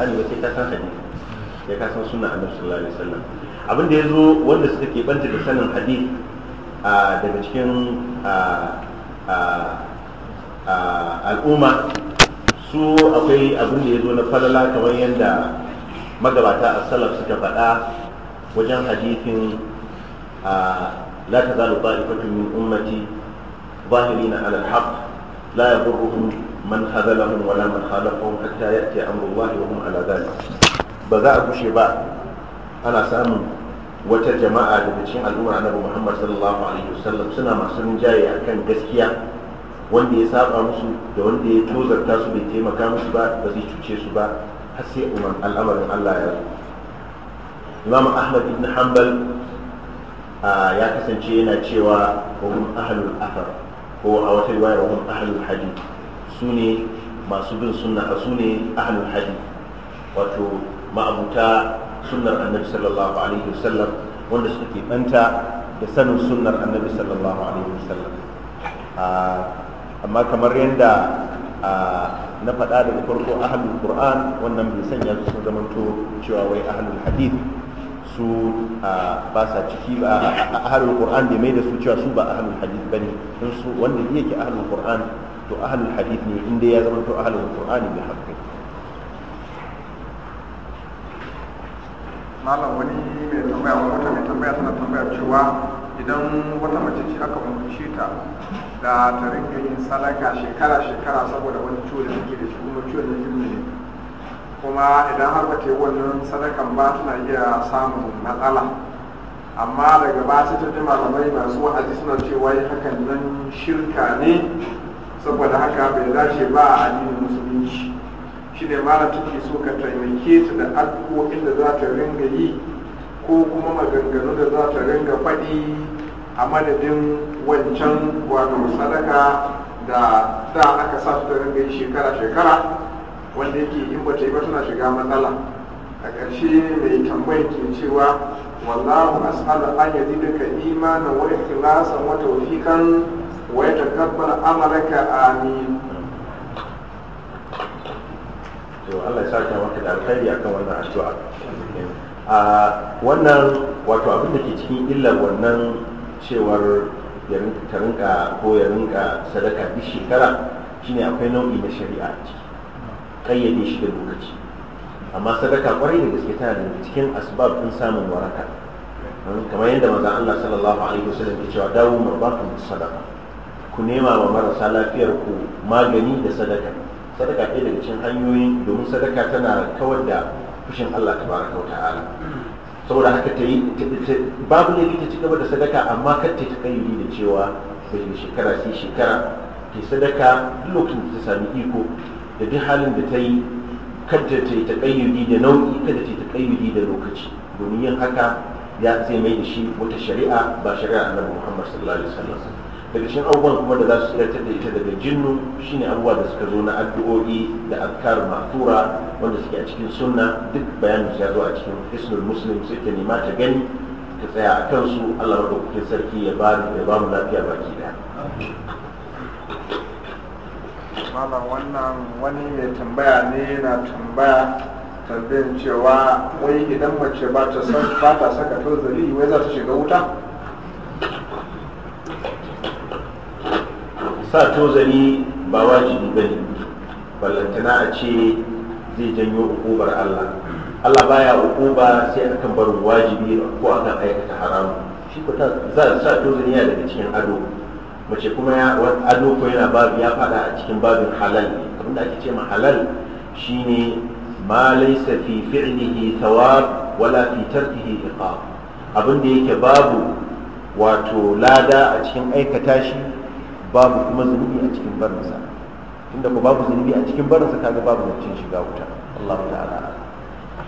alqur'ani sai ka san hadisi sai ka san sunna annabi sallallahu alaihi wasallam abin da ya zo wanda suka ke banta da sanin hadisi daga cikin al'umma su akwai abin da ya zo na falala kamar yadda magabata a salaf suka faɗa wajen hadithin la tazalu ta'ifatun min ummati ظاهرين على الحق ya يضرهم man hazalahum wala man khalafahum hatta ya'ti amrullahi wa hum ala dhalik ba za a gushe ba ana samun wata jama'a daga cikin al'ummar annabi Muhammad sallallahu alaihi wasallam suna masu rinjaye akan gaskiya wanda ya saba musu da wanda ya tozarta su bai taimaka musu ba ba zai cuce su ba har sai umar al'amarin Allah ya zo Imam Ahmad ibn Hanbal ya kasance yana cewa wa hum ahlul athar ko a wata riwaya wa hum ahlul hadith su ne masu bin sunna su ne ahlul hadith wato ma'abuta sunnar annabi sallallahu alaihi wasallam wanda suka ke banta da sanin sunnar annabi sallallahu alaihi wasallam ah, amma kamar yadda ah, na faɗa daga farko ahlul qur'an wannan bai sanya su sun zamanto cewa wai ahlul hadith su ah, ba sa ciki ba ahlul qur'an bai mai da su cewa su ba ahlul hadith bane in su wanda yake ahlul qur'an to ahalul hadith ne inda ya zama to ahalul qur'ani bi haqqi malam wani mai tambaya wata mai tambaya tana tambaya cewa idan wata mace ce aka umarce ta da ta rinka yin sadaka shekara shekara saboda wani ciwo da take da shi kuma ciwon da ne kuma idan har ba ta yi wannan sadakan ba tana iya samun matsala amma daga ba su ta malamai masu wa'azi suna cewa yi hakan nan shirka ne saboda haka bai dace ba a addinin musulunci shi ne mara take so ka taimake su da addu'o'in inda za ta ringa yi ko kuma maganganu da za ta ringa faɗi a madadin wancan wato sadaka da da aka sa su da ringa yi shekara-shekara wanda yake in ba yi ba tana shiga matsala a ƙarshe mai tambayar ke cewa wallahu as'ala an yadda ka imanin wa ikhlasan wa tawfiqan ويتكبر عملك آمين Allah ya saka maka da alkhairi kan wannan addu'a a wannan wato abin da ke cikin illar wannan cewar ya rinka rinka ko ya rinka sadaka duk shekara shine akwai nau'i na shari'a a ciki kayyade shi da lokaci amma sadaka kwarai da gaske tana da cikin asbab din samun waraka kamar yadda manzon Allah sallallahu alaihi wasallam ya ce dawo marbatun sadaka ku nema wa marasa lafiyar ku magani da sadaka sadaka ɗaya daga cikin hanyoyin domin sadaka tana kawar da fushin Allah Ta baraka wa ta'ala saboda haka ta yi babu ne ta ci gaba da sadaka amma kar ta takayyuri da cewa sai shekara sai shekara ke sadaka duk lokacin da ta sami iko da duk halin da ta yi kadda ta yi takayyuri da nau'i kada ta yi takayyuri da lokaci domin yin haka ya zai mai da shi wata shari'a ba shari'a annabi Muhammad sallallahu alaihi wasallam daga cikin abubuwan kuma da za su ta da ita daga jinnu shine abubuwa da suka zo na addu'o'i da afkar mafura wanda suke a cikin sunna duk bayanin ya zo a cikin hisnul muslim sai ta nema ta gani ta tsaya a kansu allah kuke sarki ya ba mu lafiya baki da malam wannan wani mai tambaya ne na tambaya tambayin cewa wai idan mace ba ta saka tozali wai za ta shiga wuta sa tozani ba wajibi ba ne ballantana a ce zai janyo ukubar Allah Allah baya ukuba sai akan barin wajibi ko akan aikata haramu shi ko za sa tozani ya daga cikin ado mace kuma ya ado ko yana babu ya fada a cikin babin halal Abin da ake ce ma halal shine ma laysa fi fi'lihi thawab wala fi tarkihi iqab abinda yake babu wato lada a cikin aikata shi babu kuma zunubi a cikin barinsa tunda ku babu zunubi a cikin barinsa kaga babu zancen shiga wuta Allah ta'ala